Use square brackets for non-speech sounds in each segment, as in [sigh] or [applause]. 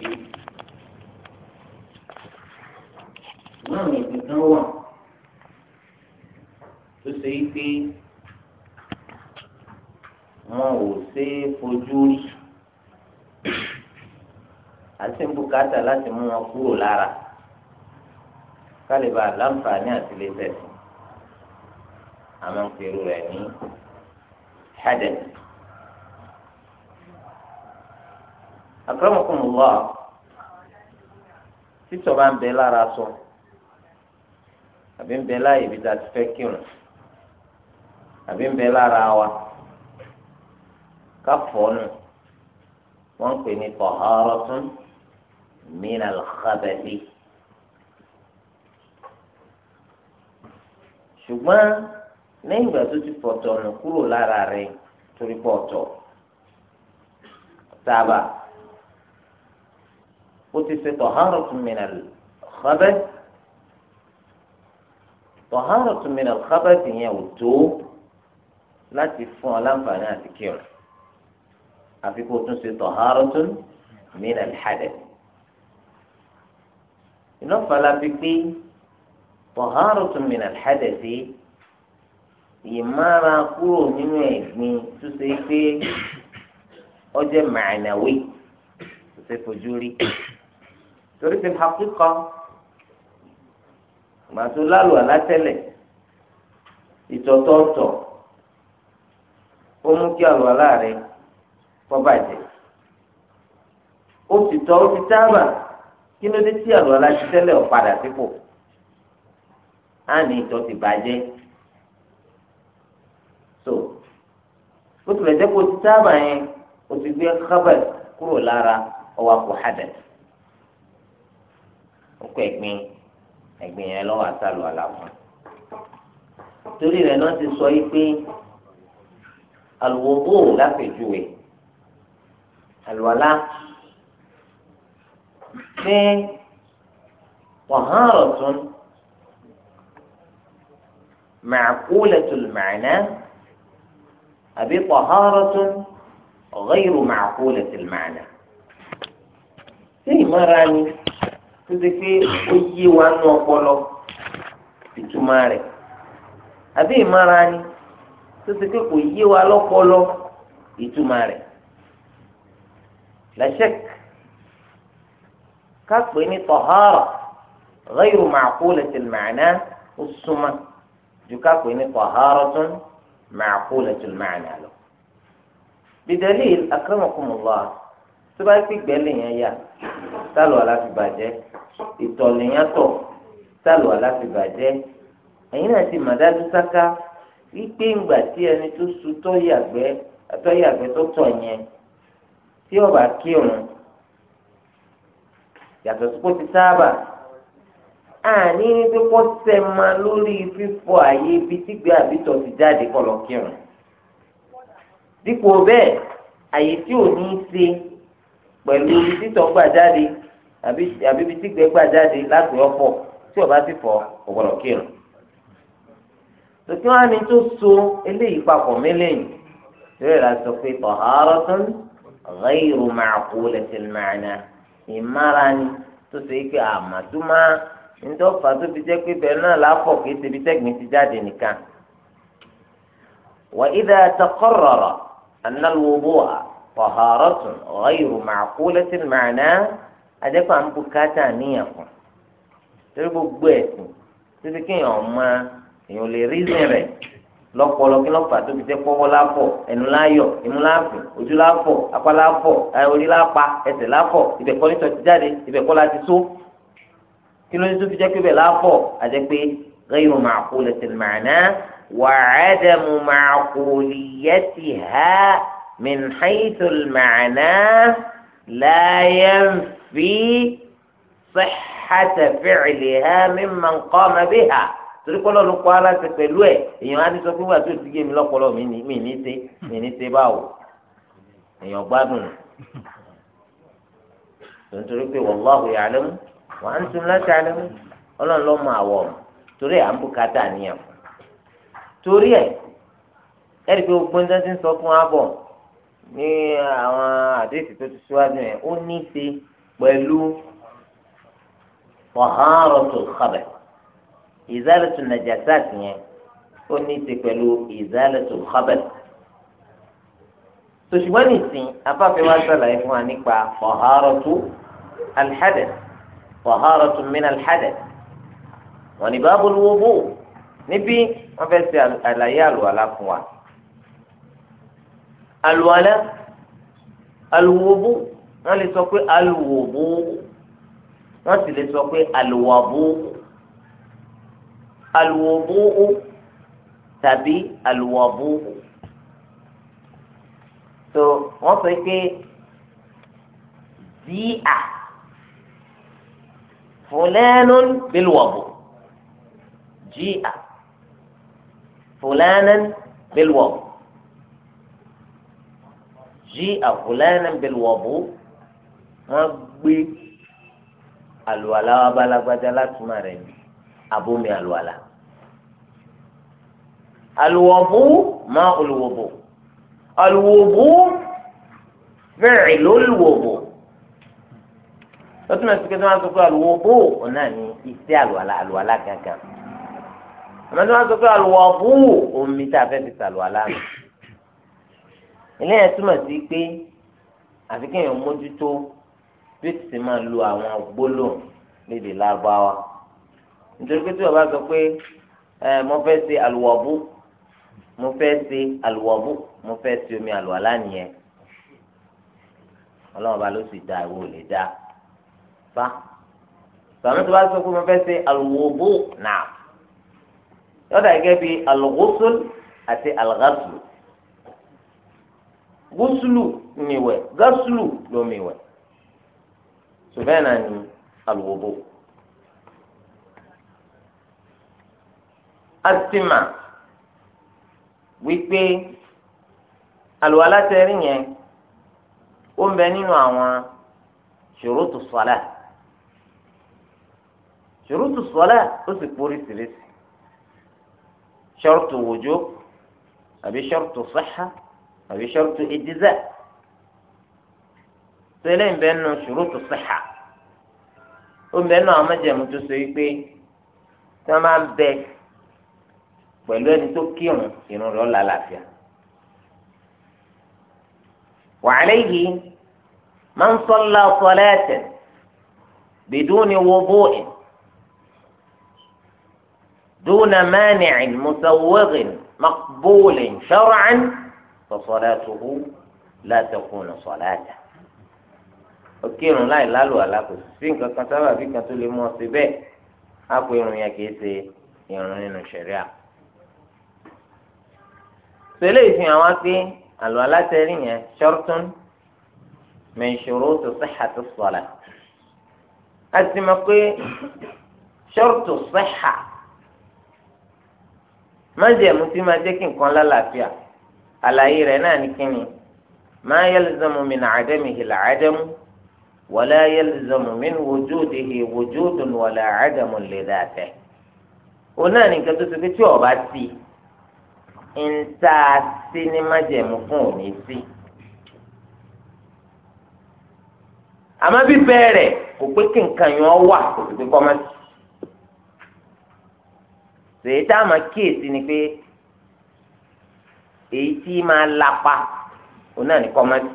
dé láwọn ẹ̀sìn kan wà tó ṣe é pé wọn ò ṣe é fojú rí àti bùkátà láti mú wọn kúrò lára kálíbà láǹfààní àti lè tẹ̀sí ń pèrò rẹ̀ ní hádẹ́sì. akramakumullah títọ́ bá ń bẹ lára sọ àbí ń bẹ láàyè ibi tá a ti fẹ́ kírun àbí ń bẹ lára wa káfọ́nù wọ́n ń pè ní taharatun minal khabathi. ṣùgbọ́n lẹ́yìn ìgbà tó ti fọ̀tọ̀ ọ̀nà kúrò lára rẹ̀ torí pọ̀ tábà. قتف طهارة من الخبث طهارة من الخبث هي التوب لا تفعل لم فناتكير أفيك تنسي طهارة من الحدث نفلا بكي طهارة من الحدث يمارا كورو نيني ني تسيكي أجا معنوي تسيكو جوري torí fi hakíkọ màtó lálù alátẹlẹ ìtọ̀tọ̀ọ̀tọ̀ ó mú kí àlọ́ aláàrẹ kọ́ bàjẹ́ ó ti tọ́ ó ti tábà kí ló dé tí àlọ́ aláṣẹ tẹ́lẹ̀ ọ̀padà sípò á ìtọ̀ ti bàjẹ́ so bó tilẹ̀ jẹ́ kó ti tábà yẹn ó ti gbé kábàt kúrò lára ọwọ́ àpò hádàtì ó kọ ẹ̀gbin ẹ̀gbin yẹn lọ́wọ́ àtàlù àlàfún torí rẹ̀ náà ti sọ yìí pé àlùwòbó láfẹ̀júwe àlùwàlá pé wàhánrọ̀ tún màkúlẹ̀tùl màánà àbí wàhánrọ̀ tún ọ̀gáyìrò màkúlẹ̀tùl màánà. Sí ìmọ̀ra ni tó ṣe pé ó yé wa nú ọpọlọ ìtumọ̀ rẹ̀ àbí ìmọ̀ra ni tó ṣe pé kò yé wa lọ́pọlọ ìtumọ̀ rẹ̀ lẹ́sẹ̀k ká pè ní tọ̀hárà ghayru ma'qulatil ma'na ó súnmọ́ ju ká pè ní taharatun ma'qulatul ma'na lọ. bidalil akramakumullah tó bá gbígbẹ́ lèèyàn yá sálọ̀ láti bàjẹ́ ìtọ̀lẹ́yàtọ̀ sálọ̀ aláfi bàjẹ́ ẹ̀yin náà ti màdájú sáká wípé ìgbà tí ẹni tó su tọ́yàgbẹ́ tọ́yàgbẹ́ tó tọ̀ yẹn tí ọba kírun yàtọ̀ sí kó ti sáábà àní ní pé kó sẹ́ máa lórí fífọ àyè ibi tígbẹ́ àbítọ̀ ti jáde kọ́ lọ kírun dípò bẹ́ẹ̀ àyè tí ò ní í ṣe pẹ̀lú títọ́ gbà jáde àbí ibi tí gbẹgbà jáde láti ọ̀pọ̀ tí ọba ti fọ ọgbọdọ kírun tòkí wọn ni tó so eléyìí papọ̀ mélèyìn lórí la sọ pé taharatun ghayru ma'qulatil ma'na ìmára ni tó so yìí pé àmàtúmá ntọ́fà tó fi jẹ́ pé bẹ́ẹ̀ náà láfọ̀ kìí ṣe ibi tẹ́gbìn ti jáde nìkan. وإذا تقرر أن الوضوء طهارة غير معقولة المعنى àjẹpọ̀ à ń bùkátà níyàn fún torí gbogbo ẹ̀sìn títí kéèyàn ọmọ èèyàn lè rí ìsìn rẹ̀ lọ́pọ̀lọ́ kí lọ́pàá tó fi jẹ́ pọ́wọ́ láfọ̀ ẹnu láyọ̀ imú láàfin ojú láfọ̀ apá láfọ̀ eh, orí lápá ẹsẹ̀ láfọ̀ ibẹ̀ kọ́ nítọ́ ti jáde ibẹ̀ kọ́ láti tó kí ló ní tó fi jẹ́ pé ibẹ̀ láfọ̀ àjẹpé غير معقولة المعنى وعدم معقوليتها من حيث المعنى لا ينفي في صحة فعلها ممن قام بها. torí pé ọlọ́run kọ́ ara ṣe pẹ̀lú ẹ̀ èèyàn á ti sọ fún wa tó ti gé mi lọ́pọ̀lọ́ mi ní mi ní ṣe mi ní ṣe báwo èèyàn gbádùn nítorí pé wallahu ya'lamu wa antum la ta'lamun ọlọ́run ló mọ àwọ̀ torí ẹ̀ à ń bùkátà níyàn torí ẹ̀ ẹ̀rí pé gbogbo ní sẹ́ńtì sọ fún wa ní àwọn àdéhìí tó ti síwájú yẹn ó ní ṣe pẹ̀lú ọ̀hánrọ̀tò xabẹ̀ ìzálẹ̀tò nàjàsáàtì yẹn ó ní í ṣe pẹ̀lú ìzálẹ̀tò xabẹ̀ tòṣùgbọ́n nìsín afáfẹ́ wa sàlàyé fún wa nípa ọ̀hánrọ̀tò alḥadẹ̀ ọ̀hánrọ̀tò mìíràn alḥadẹ̀ wọn ni báàbò lówó bò níbí wọn fẹ́ ṣe àlàyé àlùwàlá fún wa àlùwàlá àlùwòbò wọ́n lè sọ pé alùwòbó wọ́n sì lè sọ pé alùwàbó alùwòbó tàbí alùwàbó so wọ́n sọ pé díà fúlẹ́nùn bílùwàbó díà fúlẹ́nùn bílùwàbó. جيء فلانا بالوضوء wọ́n gbé àlùwàlà wa bá lágbájá láti má rẹ̀ ní abomi àlùwàlà alùwọ̀bù má olùwọ̀bù alùwọ̀bù fẹ́ẹ̀ lólùwọ̀bù lọ́tún mẹ́sìkì tí wọ́n sọ pé alùwọ̀bù ọ̀nà ní iṣẹ́ àlùwàlà àlùwàlà gangan àmọ́ tí wọ́n sọ pé alùwọ̀bù omi tá a fẹ́ fi sàlùwàlà nù ilé yẹn túmọ̀ sí pé àfi kéèyàn mójútó bí ó ti máa lo àwọn gbólóhùn lédè lárúbáwá nítorí pé tí o bá sọ pé ẹ mo fẹ́ ṣe àlùwọ̀bù mo fẹ́ ṣe àlùwọ̀bù mo fẹ́ ṣe omi àlùwàlá nìyẹn ọlọ́run bá ló sì dá ìwọ ò lè dá fa sàmì tó bá sọ pé mo fẹ́ ṣe àlùwọ̀bù náà yọ̀dà gẹ́gẹ́ bí àlùwọ̀sùn àti àlùgàsùn gúsùlù nìwẹ̀ gásùlù lómi wẹ̀ sùbẹ́ẹ̀ náà ni alùwòbò. asima wípé àlùwàlá tẹ rí yẹn ó ń bẹ nínú àwọn ṣurutu sọlá ṣurutu sọlá ó sì póríṣiríṣi ṣọrùtù wùjú àbí ṣọrùtù sihha sẹlẹ̀ ń bẹ nù ṣùrùtù sihha ó ń bẹ nù àwọn mẹ́jẹ̀ mọ́tò so yìí pé tí wọ́n bá ń bẹ pẹ̀lú ẹni tó kírun ìrun rẹ̀ ọ̀la làáfíà. wa alayhi man salla salatan biduni wudu'in duna mani'in musawwighin maqbulin shar'an fa salatuhu la takunu salatan. òkèrùn láì lálù alákòóso sí nǹkan kan sábà bí kan tó lè mú ọ sí bẹ́ẹ̀ á pé irun yẹn kìí ṣe irun nínú ṣẹ̀ríà. sọlẹ̀ ìfihàn wá pé àlọ́ alátẹ̀rí yẹn ṣọ́rtún min shurutu sihhati salat. a ti mọ̀ pé ṣọ́rtù sihha májẹ̀mú tí máa jẹ́ kí nǹkan lálàáfíà àlàyé rẹ̀ náà ní kíni ma yalzamu min adamihi al-adamu. ولا يلزم من وجوده وجود ولا عدم لذاته ona ni nǹkan tó ṣe pé tí ọba sí ń tá a sí ní májẹ̀mú fún òní sí àmọ́ bíbẹ́ rẹ̀ kò pé kí nǹkan yẹn wà kò sì pé kọ́mọ́ sí ṣèyí tá a máa kíyèsí ni pé èyí tí máa lapa ona ni kọ́mọ́ sí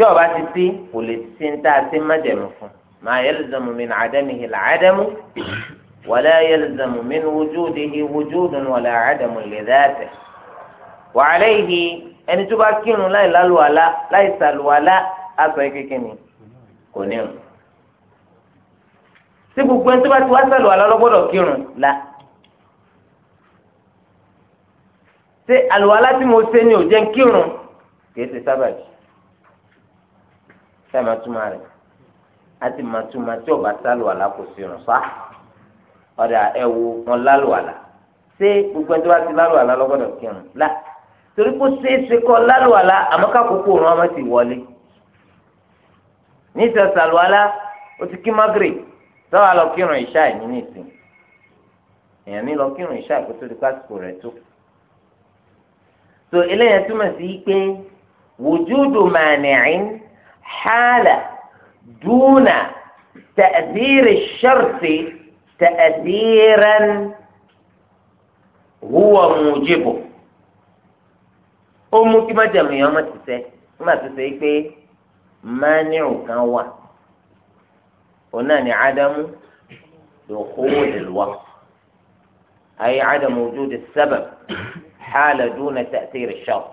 tí ọba ti sí kò lè sí ń tá a sí májẹ̀mú fún ma yalzamu min adamihi al-adamu wala yalzamu min wujudihi wujudun wala adamu li dhatihi wa alayhi ẹni tó bá kírun láì lálùwàlá láì sàlùwàlá aṣọ ìkékè ni kò ní rùn tí gbogbo ẹni tó bá ti wá sàlùwàlá ló gbọ́dọ̀ kírun la ṣé àlùwàlá tí mo ṣe ni ò jẹ́ kírun kì í ṣe sábàjì fẹ́ẹ́ máa túmọ̀ rẹ̀ àti máa túmọ̀ tí ọba sálùwàlà kò sí rùn sá ọ̀dà ẹ̀wù wọn lálùwàlà ṣé gbogbo ẹni tó bá ti lálùwàlà lọ́gbọ́dọ̀ kírun lá torí kó ṣeéṣe kọ́ lálùwàlà àmọ́ kákòókò rán ọmọ ti wọlé ní ìsẹ̀ sàlùwàlà ó ti kí magre sọ́wọ́ lọ kírun ìṣá ẹ̀ nínú ìsìn èèyàn ní lọ kírun ìṣá ẹ̀ kó tó di pásítọ̀ rẹ̀ tó so eléyàn túmọ̀ sí pé wùjúdù mànìrín حال دون تأثير الشرط تأثيرا هو موجبه ó mú kí májàmú yẹn ọmọ ti sẹ nígbà tó sẹ pé mánìrù kan wà òun náà ni ádámù lòkòwò lèlúwa ayé ádámù ojú di sábà حال دون تأثير الشرط.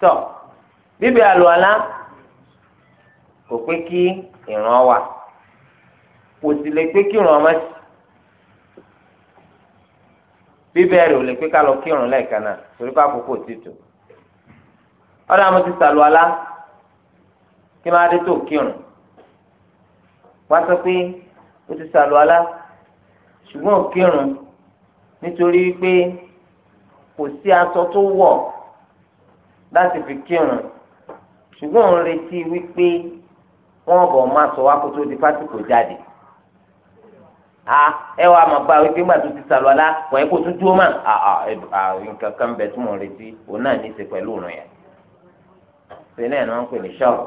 طب bíbí àlùwàlá kò pé kí ìran wà kò sì lè pé kí ìran ọmọ sí bíbẹ̀ rẹ̀ ò lè pé ká lọ kí ìran lẹ́ẹ̀kan náà torí pé àkókò ti tò ọ̀dà mo ti sàlùwàlá kí máa dé tó kírun wá sọ pé ó ti sàlùwàlá ṣùgbọ́n kírun nítorí pé kò sí aṣọ tó wọ̀ láti fi kírun ṣùgbọ́n òun retí wípé wọ́n bọ̀ máa sọ wá kó tó di pásítọ̀ jáde a ẹ wàá máa bá wípé gbàtú ti sàlọ́ alá kò ẹ́ kó tún dúró mà à à nǹkan kan bẹ̀ tí mò ń retí òun náà ní í ṣe pẹ̀lú òun yẹn sílẹ̀ ni wọ́n ń pè ní ṣọ́ọ̀bù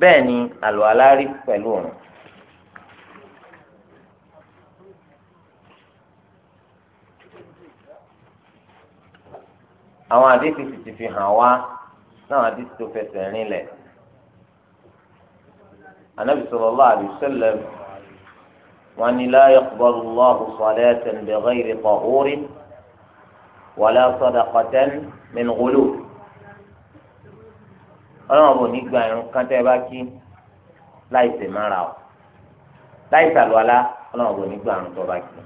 bẹ́ẹ̀ ni àlọ́ alá rí pẹ̀lú òun. àwọn àdéhùn sì ti fi hàn wá náà àdìsí tó fẹsẹ̀ rìn lẹ̀ anabi sallallahu alaihi wasallam wọn ni la yaqbalu Allahu salatan bighayri tahurin wala sadaqatan min ghulul ọlọ́run bò ní gba irun kan tẹ́ ẹ bá kí láì sè mára o láì sàlùwalá ọlọ́run bò ní gba irun tó bá kí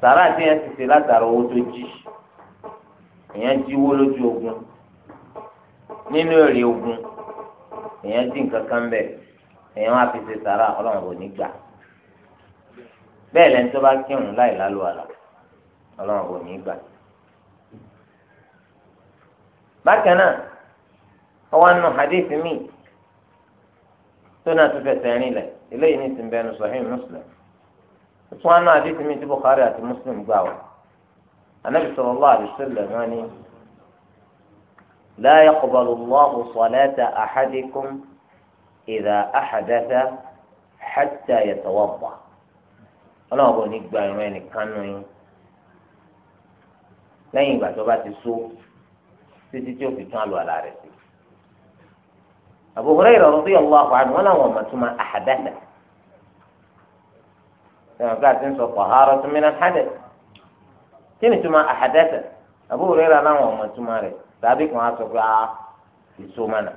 sàrà tí yẹn ti ṣe látara owó tó jí ìyẹn jíwó lójú ogun nínú èrè ogun èèyàn dín kankan bẹ̀ èèyàn wá fi ṣe sàrà ọlọ́run kò ní gbà bẹ́ẹ̀ lẹ́ni tó bá kírun láì lálù àlà ọlọ́run kò ní gbà. bákan náà ọwọ́ nù hadith mi tó náà tó fẹsẹ̀ rìn lẹ̀ eléyìí ní ìsìnbẹ́nu sahih muslim tó wọn nù hadith mi tí bukhari àti muslim gbà wọ́n anabi sallallahu alaihi wasallam لا يقبل الله صلاة أحدكم إذا أحدث حتى يتوضأ ọlọ́run kò ní gba ìran ẹnìkan nù yín lẹ́yìn ìgbà tó bá ti so títí tí ó fi tún àlùwàlá rẹ̀ sí. tó yọ̀ radiyallahu anhu wọn làwọn ọmọ tó máa àhàdáta ẹ̀wọ̀n ká àti ń sọ taharatun tó al-hadath kí ni tó máa àhàdáta Abu Hurairah làwọn ọmọ tó máa rẹ̀ sí. tàbí kan á sọ pé a ah, ìsománà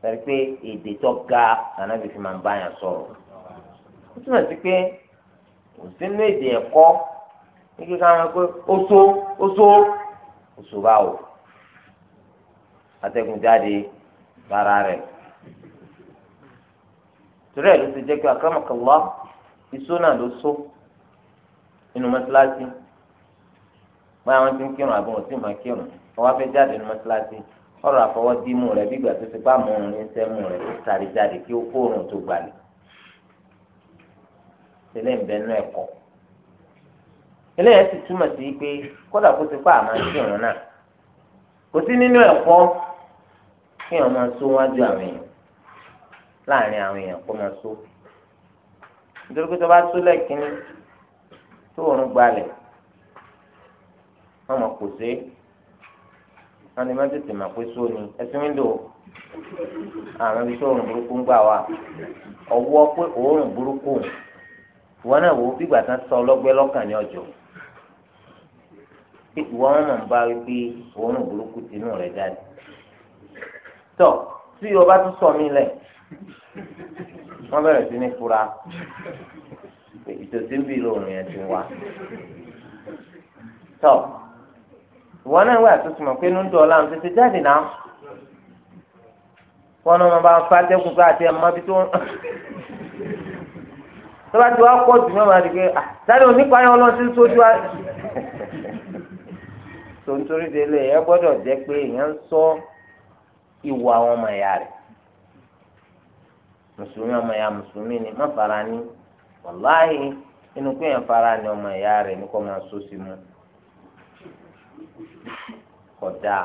tàbí pé èdè tó ga ànábì fi máa ń bá yàn sọ̀rọ̀ ó túmọ̀ sí pé kò sínú èdè ẹ̀kọ́ ní kíkà wọn pé ó so ó so ó so báwo atẹ́gùn jáde lára rẹ̀ torí ẹ̀ ló ti jẹ́ pé àkàràmọ̀kànlá ìsó náà ló so nínú mọ́tíláṣí báyà wọn ti ń kírun àbọ̀ wọn sì máa kírun wọn wá fẹ́ jáde ní mọ́ṣáláṣí ọ̀rọ̀ àfọwọ́dímù rẹ̀ bí ìgbà tó ti bá mú un ní sẹ́mu rẹ̀ ó sáré jáde kí ó kóòrùn tó gbalẹ̀ tẹ́lẹ̀ ń bẹnu ẹ̀kọ́ eléyà sì túmọ̀ sí pé kódà kó ti pa àmà kírun náà kò sí nínú ẹ̀kọ́ kí wọn máa sọ wájú àwọn èèyàn láàrin àwọn èèyàn kó máa sọ nítorí pé tó bá sọ lẹ́ẹ̀kínní tó òórùn gbalẹ̀ kò sí wọn ni wọn tètè máa pé sóni ẹsìn wíńdò àwọn ibi tí òórùn burúkú ń gbà wá ọwọ́ pé òórùn burúkú wọn náà wò ó bígbà tán sọ ọlọ́gbẹ́ lọ́kàn ní ọjọ́ ìwọ wọn mọ̀ ń bá wípé òórùn burúkú tinú rẹ̀ jáde tọ́ tí o bá tún sọ mí lẹ̀ wọ́n bẹ̀rẹ̀ sí ní fura ìtòsí ń bí ìlú yẹn ti wá tọ́ ìwọ náà wà tó túmọ̀ pé nínú ọ̀la àwọn tètè jáde náà wọn náà wọn bá ń fa tẹkùn pé àti ẹmọ bí tó ń [laughs] tó bá ti wá pọ̀ jù náà máa di pé ah, sáré onípayọ̀ ọlọ́sí sójú wa tó ń torí délé ẹ gbọ́dọ̀ jẹ́ pé èèyàn ń sọ ìwà àwọn ọmọ ẹ̀yà rẹ̀ mùsùlùmí ọmọ ẹ̀yà mùsùlùmí ni má fara ní wàláhì inú pé èèyàn fara ní ọmọ ẹ̀yà rẹ̀ ní kò máa sọ sí mu kódà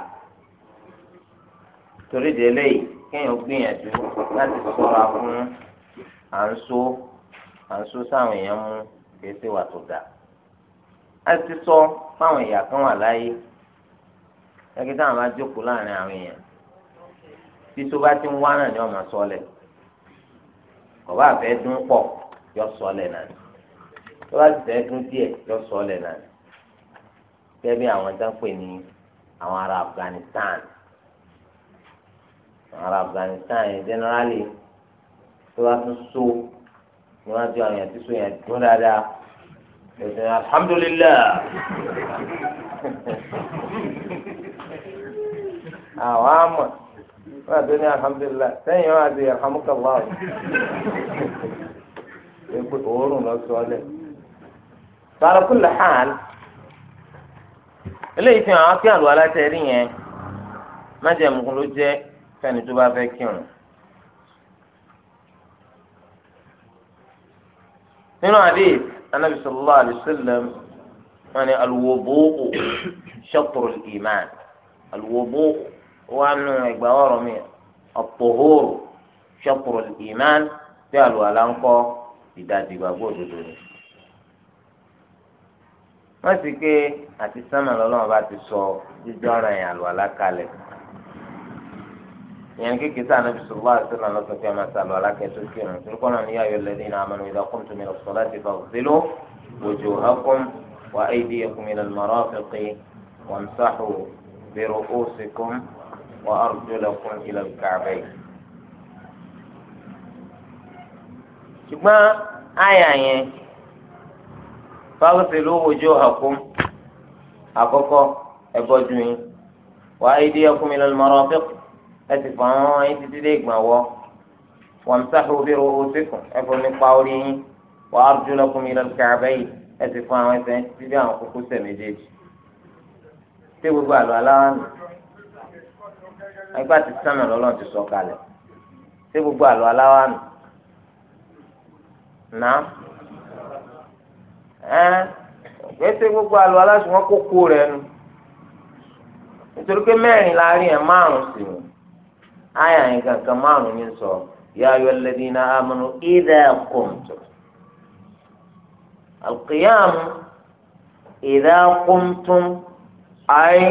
torí délé yìí kéèyàn gbìyànjú láti ṣọ́ra fún à ń so à ń so sáwọn èèyàn mú kìí ṣe wà tó dà á ti sọ fáwọn èèyàn kan wà láyé gẹ́gẹ́ táwọn bá jókòó láàrin àwọn èèyàn tí tó bá ti ń wá náà ni wọ́n máa sọlẹ̀ kò bá fẹ́ dún pọ̀ yọ sọlẹ̀ náà tó bá ti fẹ́ dún díẹ̀ yọ sọlẹ̀ náà gẹ́gẹ́ àwọn tó pè ní àwọn ará Afghanistan àwọn ará Afghanistan yẹn generally tó bá tún so ni wọ́n ti àwọn yẹn ti so yẹn dún dáadáa ẹ̀sìn alhamdulilayi àwọn àmọ̀ wọ́n àti ní alhamdulilayi sẹ́yìn wọn àti alhamdulilayi ẹ̀kú òórùn lọ sọ sọ́ọ́lẹ̀. sọ́ọ́lẹ̀ kúlẹ̀ hàn. eléyìí fi hàn án kí àlọ́ alátẹ̀rí yẹn májẹ̀mú ló jẹ́ fẹ́ni tó bá fẹ́ kírun. nínú àdéhìí anábì sallallahu alayhi wa sallam wọn ni alwudu'u shatrul iman alwudu'u wọn nù ẹgbà ọ̀rọ̀ mi at-tuhuru shatrul iman tí àlọ́ aláǹkọ́ ìdajì òdodo ni wọ́n sì pé àti sánmà lọ́lọ́wọ́ bá ti sọ jíjọ́ ara yẹn àlọ́ alákalẹ̀ ìyẹn kékeré sáà nàbì sọ̀rọ̀ wá sí nàlọ́ sọ̀kẹ́ máa sàlọ́ alákẹ́ tó kí ẹ̀rùn torí kọ́nà níyà yọ lẹ́dí iná amanu idha qumtum ila salati faghsilu wujuhakum wa aydiyakum ila al-marafiqi wamsahu bi ru'usikum wa arjulakum ila al-ka'bayn. ṣùgbọ́n àyà yẹn fáwọ́sẹ̀lú ojú ọ̀hún àkọ́kọ́ ẹ̀bọ́jú yín wà á ìdí ẹkún mi lọ́lọ́ mọ́rọ́ ọ̀fẹ́ ẹ ti fọ àwọn ẹyin títí dé ìgbàwọ́ wọ́n ń sáfù bí ro oṣù kùn ẹ fọ nípa orí yín wà á rújú lọ́kún mi lọ́lọ́ kàbẹ́yì ẹ ti fọ àwọn ẹsẹ̀ títí dé àwọn kókó sẹ̀ méjèèjì. ṣé gbogbo àlọ́ aláwọ̀ ẹgbẹ́ àti sánà lọ́lọ́run ti sọ kalẹ̀ ṣé gbogbo àlọ́ aláwọ̀ àná ẹ gbèsè gbogbo àlọ aláṣùwọn kókó rẹ nu nítorí pé mẹ́rin la rí ẹ márùn sí ni àyà yẹn kankan márùn sọ ya ayyuhalladhina amanu idha qumtum alqiyam idha qumtum ay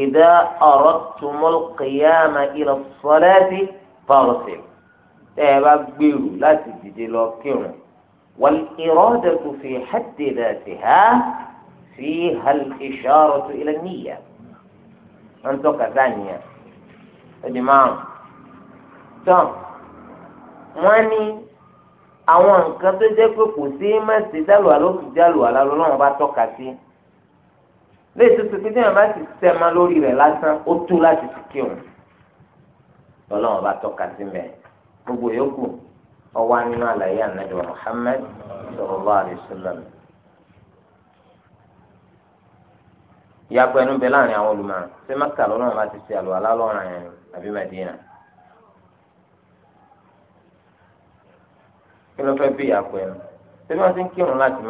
idha aradtumul qiyama ila as-salati fagsil tẹ́ ẹ bá gbèrú láti dìde lọ kírun. والإرادة في حد ذاتها فيها الإشارة إلى النية أنت كثانية جماعة تم واني àwọn nǹkan tó jẹ́ pé kò sí mẹ́sì dálùwà ló fi dálùwà lálọ́ lọ́wọ́ bá tọ́ka sí léyìí tó ti fi dẹ́yìn bá ti sẹ́ma lórí rẹ̀ lásán ó tó láti fi kírun lọ́wọ́ bá tọ́ka sí mẹ́ gbogbo yòókù ọwọ́ nínú àlàyé ànábì Muhammad sallallahu alaihi wasallam. ìyàpọ̀ ẹnu bẹ láàrin àwọn olùmọ̀ ṣé Mẹ́kà lọ́nà láti ṣe àlùwàlá lọ́rùn yẹn àbí Mẹ́dínà. kí ló fẹ́ bí ìyàpọ̀ ẹnu ṣé bí wọ́n ti ń kírun láti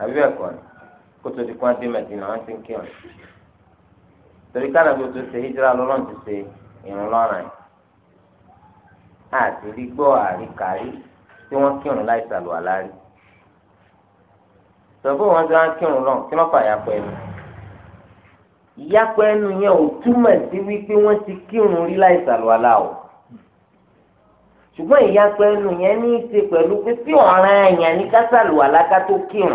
àbí bẹ́ẹ̀ kọ́ ni Mẹ́dínà wọ́n ti ń kírun. torí káàdà tó àti rí gbọ́ àríkàrí tí wọ́n kírun láì sàlùwàlá rí sọ̀bù wọn ti wọn kírun lọ kí wọ́n fà yàpọ̀ ẹnu ìyàpọ̀ ẹnu yẹn ò túmọ̀ sí wípé wọ́n ti kírun rí láì sàlùwàlá o ṣùgbọ́n ìyàpọ̀ ẹnu yẹn ní í ṣe pẹ̀lú pé tí ọ̀ràn ẹ̀yàn ní ká sàlùwàlá ká tó kírun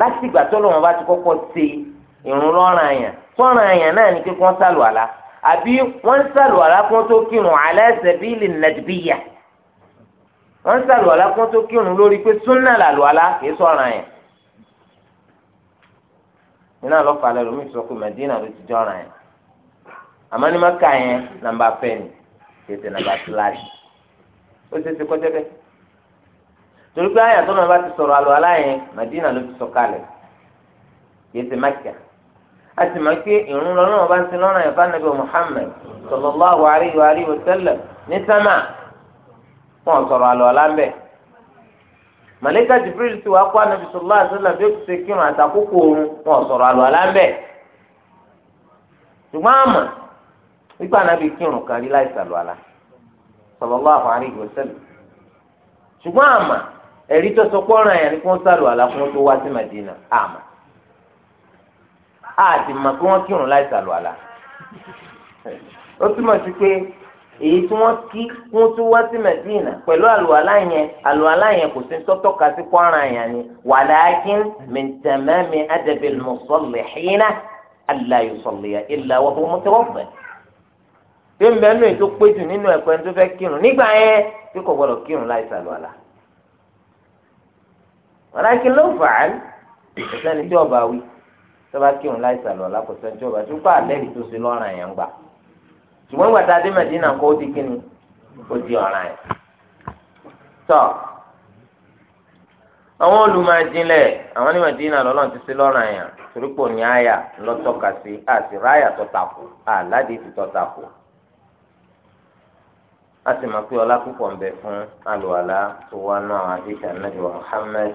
láti ìgbà tó lọ́wọ́n bá ti kọ́kọ́ ṣe ìrun lọ́ràn ẹ̀yàn tọ́ràn ẹ̀yàn náà ní pé kí wọ́n sàlùwàlá àbí wọ́n ń sàlù àlákún tó kírun ala sabili najbiyya wọ́n ń sàlù àlákún tó kírun lórí pé súnà làlù àlá kìí sọ̀ràn yẹn nínú àlọ́fà alẹ́ lómi sọ pé Madina ló ti jọ̀ràn yẹn àmọ́ ní maka yẹn nàmbà pẹ́ẹ́nì tètè nàmbà síláàsì ó ṣe é ṣe kọjá bẹ́ẹ̀ torí pé àyàtọ̀ náà bá ti sọ̀rọ̀ àlọ́ yẹn Madina ló ti sọ kalẹ̀ kìí ṣe Mẹ́kà a sì máa pé ìrún lọ́nà ọba ń sin lọ́nà ẹ̀fà nàbẹ̀ Muhammad sallallahu alaihi wa alihi wa sallam ní sámà wọn sọ̀rọ̀ àlọ́ lábẹ́ màlẹ́kà Jibril ti wá kó anabi sallallahu alaihi wa sallam bí ó ti ṣe kírun àtàkókò oorun wọn sọ̀rọ̀ àlọ́ lábẹ́ ṣùgbọ́n àmọ́ wípé anabi kírun kan rí láì sàlọ́ àlá sallallahu alaihi wa sallam ṣùgbọ́n àmọ́ tó sọ pọ́nrán yẹn ni kí wọ́n sàlọ́ àlá fún tó wá sí Madina àmọ́ àti mọ̀ pé wọ́n kírun láì sàlùwàlà ó túmọ̀ sí pé èyí tí wọ́n kí wọ́n tún wá sí Mẹ̀dínà pẹ̀lú àlùwàlá yẹn àlùwàlá yẹn kò sí tọ́tọ́ka sí kwara yẹn ni wàlákin min tamami adabil musallihina alla yusalliya illa wa huwa mutawaffa bí mbẹ́ nù ètò péjú nínú ẹ̀kọ́ ẹni tó fẹ́ kírun nígbà yẹn tí kò gbọdọ̀ kírun láì sàlùwàlá wàlákin ló fàá ẹ̀sẹ̀ ni tí ọba wí. tọ́ba kí òun láì sàlọ̀ lákòóso ẹjọ́ bá tún kọ́ àlẹ́rìí tó ṣe lọ́ràn yẹn gbà ṣùgbọ́n gbàtà kó di kíni kó di ọ̀ràn yẹn. tọ́ àwọn olùmọ̀jìnlẹ̀ àwọn ní lọ́lọ́run ti ṣe ní àyà lọ́tọ́ka sí àti ráyà tọ́takù àládé ti tọ́takù. a sì mọ̀ pé ọlá púpọ̀ ń bẹ fún àlùwàlá tó wá náà àdéhà nàbì Muhammad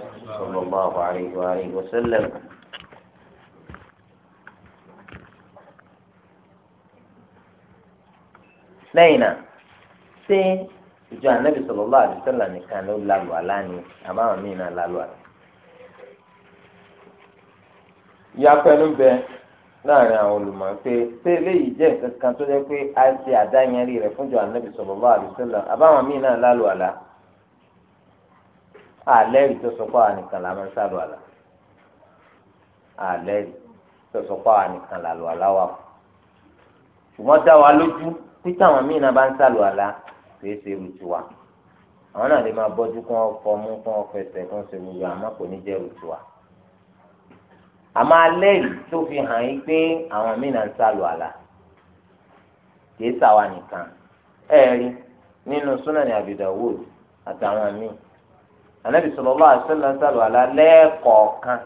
lẹ́yìn náà ṣé ìjọ ànábì sallallahu alaihi wasallam nìkan ló lálù àlá ni àbáwọn míì náà lálù àlá. ìyapẹ̀lú bẹ láàrin àwọn olùmọ̀ pé ṣé eléyìí jẹ́ nǹkan kan tó jẹ́ pé a ṣe àdáyanrí rẹ̀ fúnjọ ànábì sallallahu alaihi wasallam àbáwọn míì náà lálù àlá àlẹ́rì tó sọ pé àwọn nìkan làwọn ń sálù àlá àlẹ́rì tó sọ pé àwọn nìkan làlù àlá wà fún ṣùgbọ́n dá wa lójú títí àwọn míì náà bá ń sàlù àlá kìí ṣe irú tiwa àwọn náà lè máa bọ́jú kí wọ́n fọmú kí wọ́n fẹsẹ̀ kí wọ́n ṣe gbogbo àmọ́ kò ní jẹ́ irú tiwa. àmọ́ alẹ́ yìí tó fi hàn yín pé àwọn míì náà ń sàlù àlá kìí sàwa nìkan ẹ̀ẹ́rí nínú súnàní Abi Dawud àtàwọn míì anabi sallallahu alaihi wasallam sàlù àlá lẹ́ẹ̀kọ̀ọ̀kan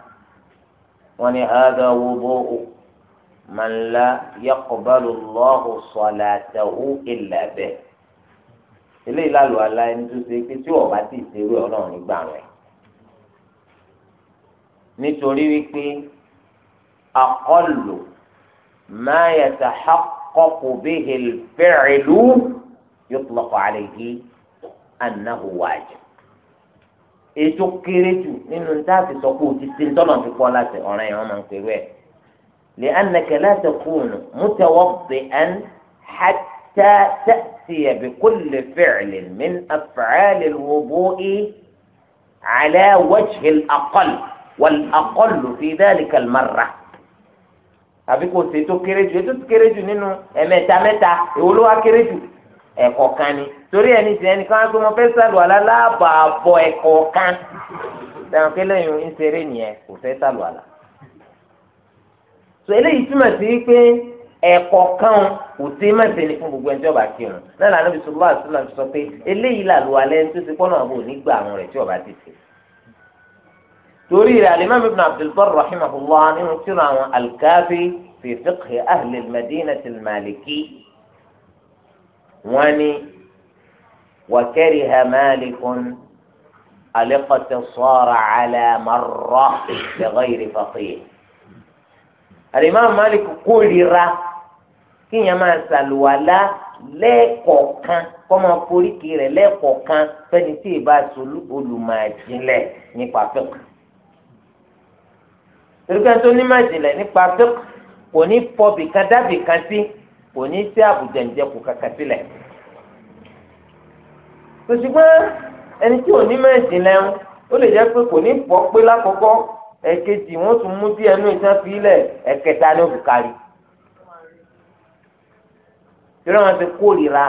wọ́n ní hàdà wudu'u man la yaqbalu Allahu salatahu illa bih eléyìí lálù àlá ẹni tó ṣe pé tí wọn bá ti ṣerú Ọlọ́run nígbà rẹ nítorí wípé aqallu ma yatahaqqaqu bihi al-fi'lu yutlaqu alayhi annahu wajib ètò kéré jù nínú táàfin sọ pé o ti ṣe ń tọ́nà fi pọ́ láti ọ̀ràn yẹn wọ́n máa ń pè rú ẹ̀. لأنك لا تكون متوضئا حتى تأتي بكل فعل من أفعال الوضوء على وجه الأقل والأقل في ذلك المرة أبيكو سيتو كريجو يتو كريجو نينو أمتا متا يقولوا كريجو أكو سوري أني سيني كان سوما فيسال ولا لا بابو أكو كان تانكي لن ينسريني أكو فيسال sọ eléyìí túmọ̀ sí wípé ẹ̀kọ́ kan kò sí mẹ́sẹ̀ ní fún gbogbo ẹni tí ọba ti rùn náà lànà bí sọlá àtúnlá ti sọ pé eléyìí làlù alẹ́ tó ti pọ́n náà bò nígbà àwọn rẹ̀ tí ọba ti sè. torí rẹ̀ alimam ibn abdul bar rahimahullah nínú tíra àwọn alkaafi fi fiqhi ahli madinati maliki wọ́n ní wakariha malikun alqata sara ala marra bi ghayri faqih. Al-Imam Malik kórìíra kínyẹn máa ṣàlùwàlá lẹ́ẹ̀kọ̀ọ̀kan kọ́ máa foríkì rẹ̀ lẹ́ẹ̀kọ̀ọ̀kan fẹ́ni tí ì bá solú olùmọ̀ọ́jìnlẹ̀ nípa fẹ́kù. Tẹ̀lifíà tó ní màjìnlẹ̀ nípa fẹ́kù kò ní fọbì kan dábì kan sí kò ní sí àbùjẹ̀ǹjẹ̀ kò kàkà sílẹ̀. Tòṣùgbọ́n ẹni tí ò ní màjìnlẹ̀ ó lè jẹ́ pé kò ní fọ́ pé lákọ̀ọ́kọ́ ẹ̀kejì wọ́n tún mú díẹ̀ nú ìtàn fílẹ̀ ẹ̀kẹta ní òkú kárí. ìrọ̀ wọn ti kórìíra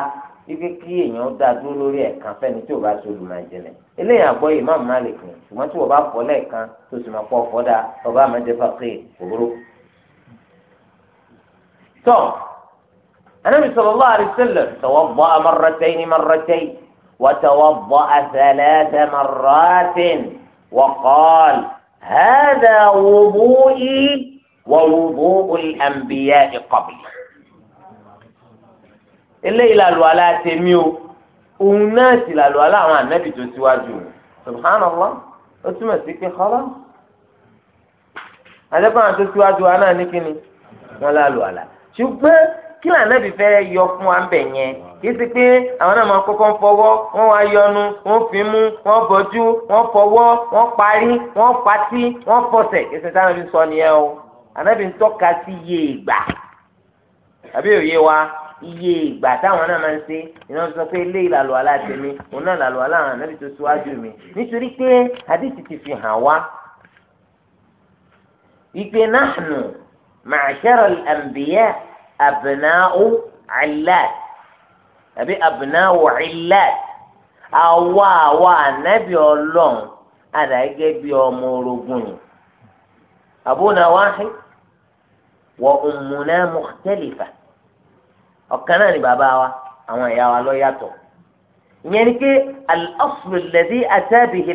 ibi kí èèyàn dá dúró lórí ẹ̀kan fẹ́ni tí ò bá ṣe olùmọ̀jìnlẹ̀ eléyìí àgbọ̀ yìí máa má lè pin ṣùgbọ́n tí wọ́n bá fọ́ lẹ́ẹ̀kan tó sì máa pọ̀ fọ́dà ọba àmọ́jẹ́fà pé òwúrò. tọ́ anábì sallallahu alaihi wasallam tawadda'a marratayn marratayn wa tawadda'a thalatha marratin wa qala هذا وضوئي ووضوء الأنبياء قبلي eléyìí làlùwàlá tèmi o òun náà sì làlùwàlá àwọn ànábì tó síwájú o subhanallah ó túmọ̀ sí pé kọ́lá àdẹ́kùn àti tó síwájú wa náà ní kíni wọ́n làlùwàlá ṣùgbọ́n kí là nàbì fẹ́ yọ fún wa bẹ̀ yẹn kì í sì pé àwọn náà máa kọ́kọ́ fọwọ́ wọ́n wá yọnu wọ́n fi mú wọ́n bọ́jú wọ́n fọwọ́ wọ́n parí wọ́n patí wọ́n fọsẹ̀ kì í sì sáà nàbì sọ nìyẹn o ànábì ń tọ́ka sí iye ìgbà àbí òye wa iye ìgbà táwọn náà máa ń ṣe iná sọ pé ilé ìlàlọ́ aláàtẹ̀mí òun náà làlọ́ aláàrùn ànábì tó síwájú mi nítorí pé àdìsí ti fi hàn wá ìpè náà nù màṣẹ́rọ̀ àǹbíyẹ́ abna'u illat àbí abna'u illat àwa àwa ànábì ọlọ́run àdàgẹ́ bí ọmọ orogún ni abuna wahid wa ummuna mukhtalifa ọ̀kan náà ni bàbá wa àwọn ìyá wa ló yàtọ̀ ìyẹn ni pé al-aslu alladhi ata bihi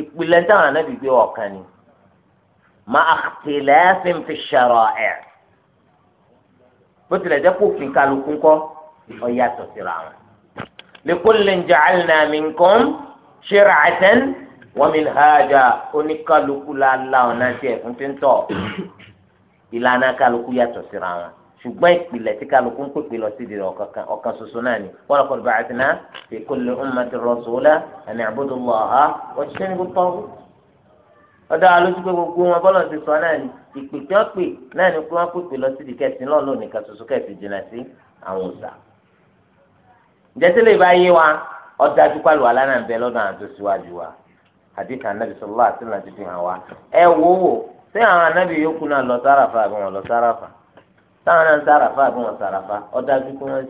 ìpìlẹ̀ táwọn ànábì gbé ọ̀kan ni. مع اختلاف في الشرائع بطل جاكو في كالوكوكو وياتو سراعا لكل جعلنا منكم شرعة ومنهاجا oníkálukú la la ọ̀nà tiẹ̀ fún fi ń tọ̀ ìlànà kálukú yàtọ̀ síra wọn ṣùgbọ́n ìpìlẹ̀ tí kálukú ń pèpè lọ síbi rẹ̀ ọ̀kan ṣoṣo náà ni wọ́n lọ́kọ̀ bàtìná fi kulli ummati rasula an i'budu Allaha wajtanibu at-taghut. ọdọ alójú pé gbogbo wọn bọ́lọ̀ ti sọ náà ní ìpè tí wọ́n pè náà pé lọ síbi dị lọ́ọ̀ lónìí kan ṣoṣo kẹsìn jìnnà sí àwọn wa adúpàlù àwọn tó síwájú wa àdìkà anábì sọlá àti fi hàn wa. ẹ wò ṣé àwọn anábì náà lọ sárafa àbí wọn lọ sárafa táwọn náà sárafa àbí wọn sárafa wọn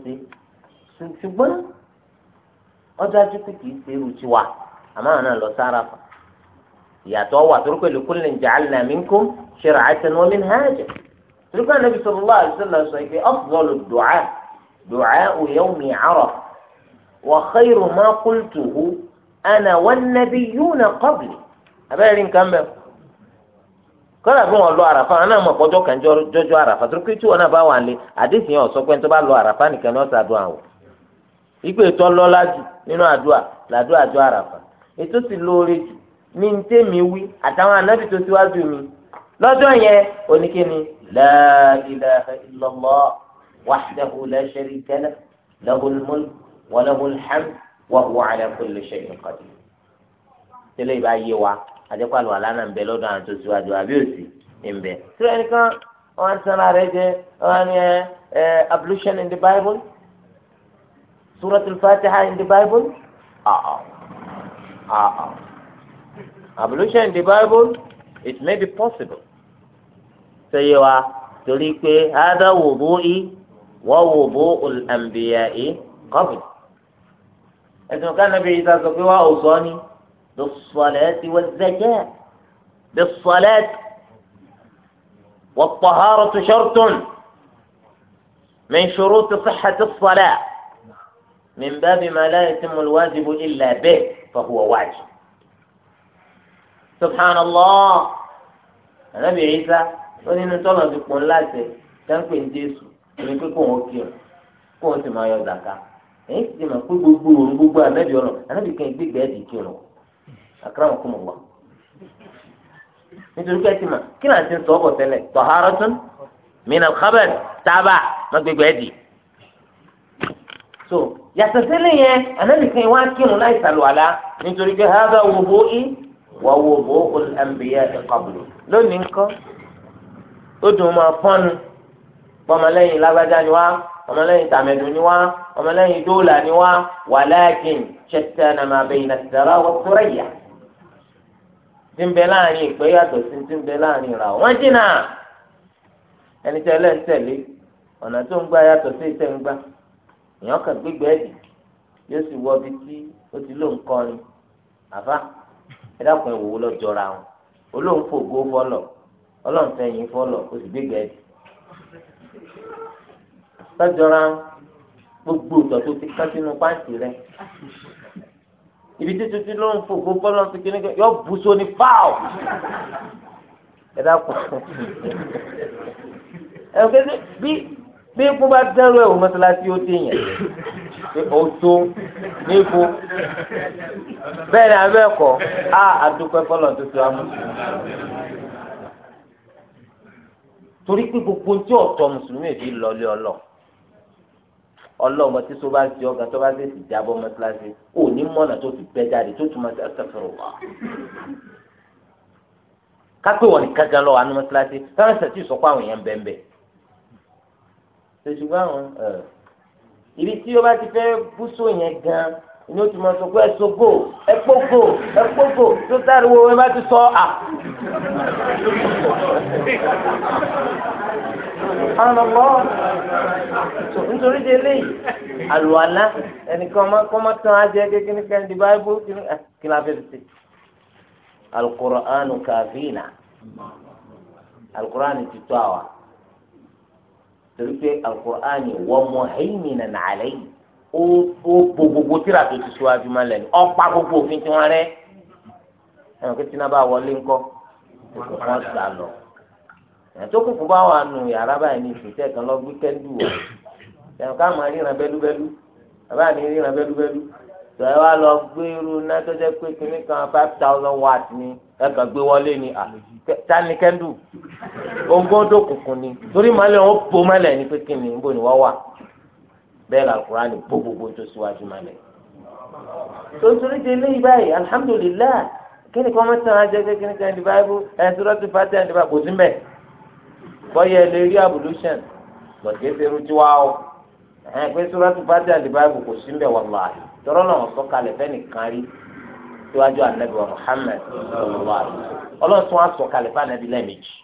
kì í ṣe ìyàtọ̀ wà torí pé likullin ja'alna minkum shir'atan wa minhaja torí pé anabi sallallahu alaihi wasallam sọ pé afdalu du'a du'a'u yawmi Arafa wa khayru ma qultuhu ana wan-nabiyyuna qabli abẹ́rẹ́ nǹkan bẹ́ẹ̀ kọ́lá fún wọn lọ àràfà wọn náà mọ̀ kọjọ́ kan jọjọ́ àràfà torí pé tí wọn náà bá wà lé àdéhùn yẹn ọ̀sọ́ pé tó bá lọ àràfà ní ń tèmi wí àtàwọn ànábì tó síwájú mi lọ́jọ́ yẹn oníkíni la ilaha illallah wahdahu la sharika lahu lahul mulk wa lahul hamd wa huwa ala kulli shay'in qadir. tẹ́lẹ̀ ìbá yé wa àdékọ́ àlùwà lánà ń bẹ lọ́dọ̀ àwọn tó síwájú àbí òsì ń bẹ. sọ ẹnìkan wọn sanra rẹ jẹ wọn ni ablution in the bible suratul fatiha in the bible. Ah, ah. Ah, abolition in the bible it may be possible ṣe yé wa torí pé hada wudu'i wa wudu'ul anbiya'i qabl ẹ̀sìn ká nàbí yìí sọ pé wà òsọ ni bis-salati waz-zakati bis-salati والطهارة شرط من شروط صحة الصلاة من باب ما لا يتم الواجب إلا به فهو واجب subhanallah ànábì Ìsá ó nínú tọ́lọ̀ ti pọ̀ ńlá tẹ̀ dáńpẹ̀ ní jésù èmi pé kò wọ́n kí ọ kò wọ́n sì máa yọ zàká èyí sì ti mọ̀ pé gbogbo òru gbogbo ànábì ọ̀nà ànábì kan gbígbẹ́ ẹ̀dì kí ọ̀nà àkàràmọ̀ kò mọ̀ wá. nítorí pé ẹtì mà kí náà ti ń sọ ọ́ bọ̀ tẹ́lẹ̀ taharatun minal khabath tábà má gbígbẹ́ ẹ̀dì. so yàtọ̀ sílẹ̀ yẹn ànábì kan wá kírun láì sàlùwàlá nítorí pé hábà wò bó wọ́wọ́ bòókù ẹ̀ǹbìyà ìkọ̀bùlù lónìí ńkọ́ ó dùn máa pọ́nu pọ́mọlẹ́yìn lágbájá ni wá ọmọlẹ́yìn tàmẹ̀dùn ni wá ọmọlẹ́yìn dóòlà ni wá wọ́n tó yà tí ń bẹ láàrin ìpẹ́ yàtọ̀ sí tí ń bẹ láàrin ìrà wọ́n jìnnà ẹni tẹ́ lẹ́sẹ̀lé ọ̀nà tó ń gbà yàtọ̀ sí ń gbà èèyàn kàn yóò sì wọ tí ó ẹ dákun ẹ wò ó lọ́jọ́ra wọn olóhùn fògo fọlọ ọlọ́run fẹ̀yìn fọlọ o sì gbégbé ẹ̀dì lọ́jọ́ra gbogbo ìtọ̀ tó ti kán sínú pàǹtì rẹ ibi títí tí ló ń fògo fọlọ ti kí ni yọ bù so ni fáw ẹ dákun [laughs] ẹ bí bí ikú bá dẹ́rù ẹ̀wò mọ́sálásí ó dèèyàn pé ó tó níbo bẹ́ẹ̀ ni abẹ́ ẹ̀kọ́ á àdúpẹ́ fọlọ́ tó ti wá mùsùlùmí torí pé gbogbo tí ọ̀tọ̀ mùsùlùmí èdè lọlé ọlọ ọlọ ọmọ tí so bá ti ọgá tó bá fèsì jábọ mọ́sálásí ò ní mọ́nà tó fi bẹ́ jáde tó túmọ̀ sí ẹsẹ̀fẹ̀rẹ̀ wá kápẹ́ wọn ni kágan lọ́wọ́ anú mọ́sálásí táwọn ẹsẹ̀ tí ì sọ pé àwọn èèyàn bẹ́ẹ̀ bẹ́ẹ̀ ṣèṣùgbọ́n àwọn ibi tí ó bá ti fẹ́ búṣọ yẹn gan ni ó ti máa sọ pé ẹ sọgò ẹ pọgò ẹ pọgò tó sáré wo ẹ bá ti sọ à. àwọn ọmọ nítorí di eléyìí àlùwàlá ẹnìkan ọmọ kọ́mọ tán á jẹ kékeré ní kẹ́hìndé báyìí kí la fẹ́ ti ṣe. alukóra ánù kàfínà alukóra ni ti tó àwa torí pé alukur'ani wọ́n mọ ẹ̀yìn nà nàlẹ́ yìí ó ó bo gbogbo tíra tó ti ṣíwájú máa lẹ̀ ní ọ̀pá gbogbo òfin tí wọ́n rẹ́ ẹ̀rọ kí tí náà bá wọlé ńkọ́ wọ́n sà lọ. ẹ̀tọ́ kúkú bá wà nù yàrá báyìí ní ìfìtẹ́ kan lọ gbé kẹ́ndù wọ̀ ẹ̀rọ ká máa ríran bẹ́lúbẹ́lú bàbá mi ríran bẹ́lúbẹ́lú tọ́ ẹ wá lọ gbé irú náà tó jẹ́ pé kinní kan five thousand watt ni ẹ̀ka gbé wọlé ni à tani kẹ́ndù òǹgóńdó kùkùn ni torí màálẹ̀ wọn bò màálẹ̀ ní pé kí ni níbo ni wọ́n wà bẹ́ẹ̀ la al ni bó gbogbo tó síwájú màálẹ̀. tontorí de lé ibáyìí alhamdulillah kí ni kí wọ́n tẹ̀ wọ́n jẹ́ pé kí ni kí ni báyìí ẹ̀ sọ́dọ̀tì fàtí ẹ̀ nípa kò sí mẹ́ bọ́yẹ̀ lè rí abolution gbọ̀dé ṣerú tí wàá o ẹ̀ pé sọ́dọ̀tì fàtí ẹ̀ nípa kò sí mẹ́ wàlláhi tọ́rọ́ náà sọ́kalẹ̀ fẹ́ nìkan rí síwájú anabi wa muhammed sallallahu alaihi wasallam ọlọ́run tún wá sọ kalẹ̀ fún anabi lẹ́ẹ̀mejì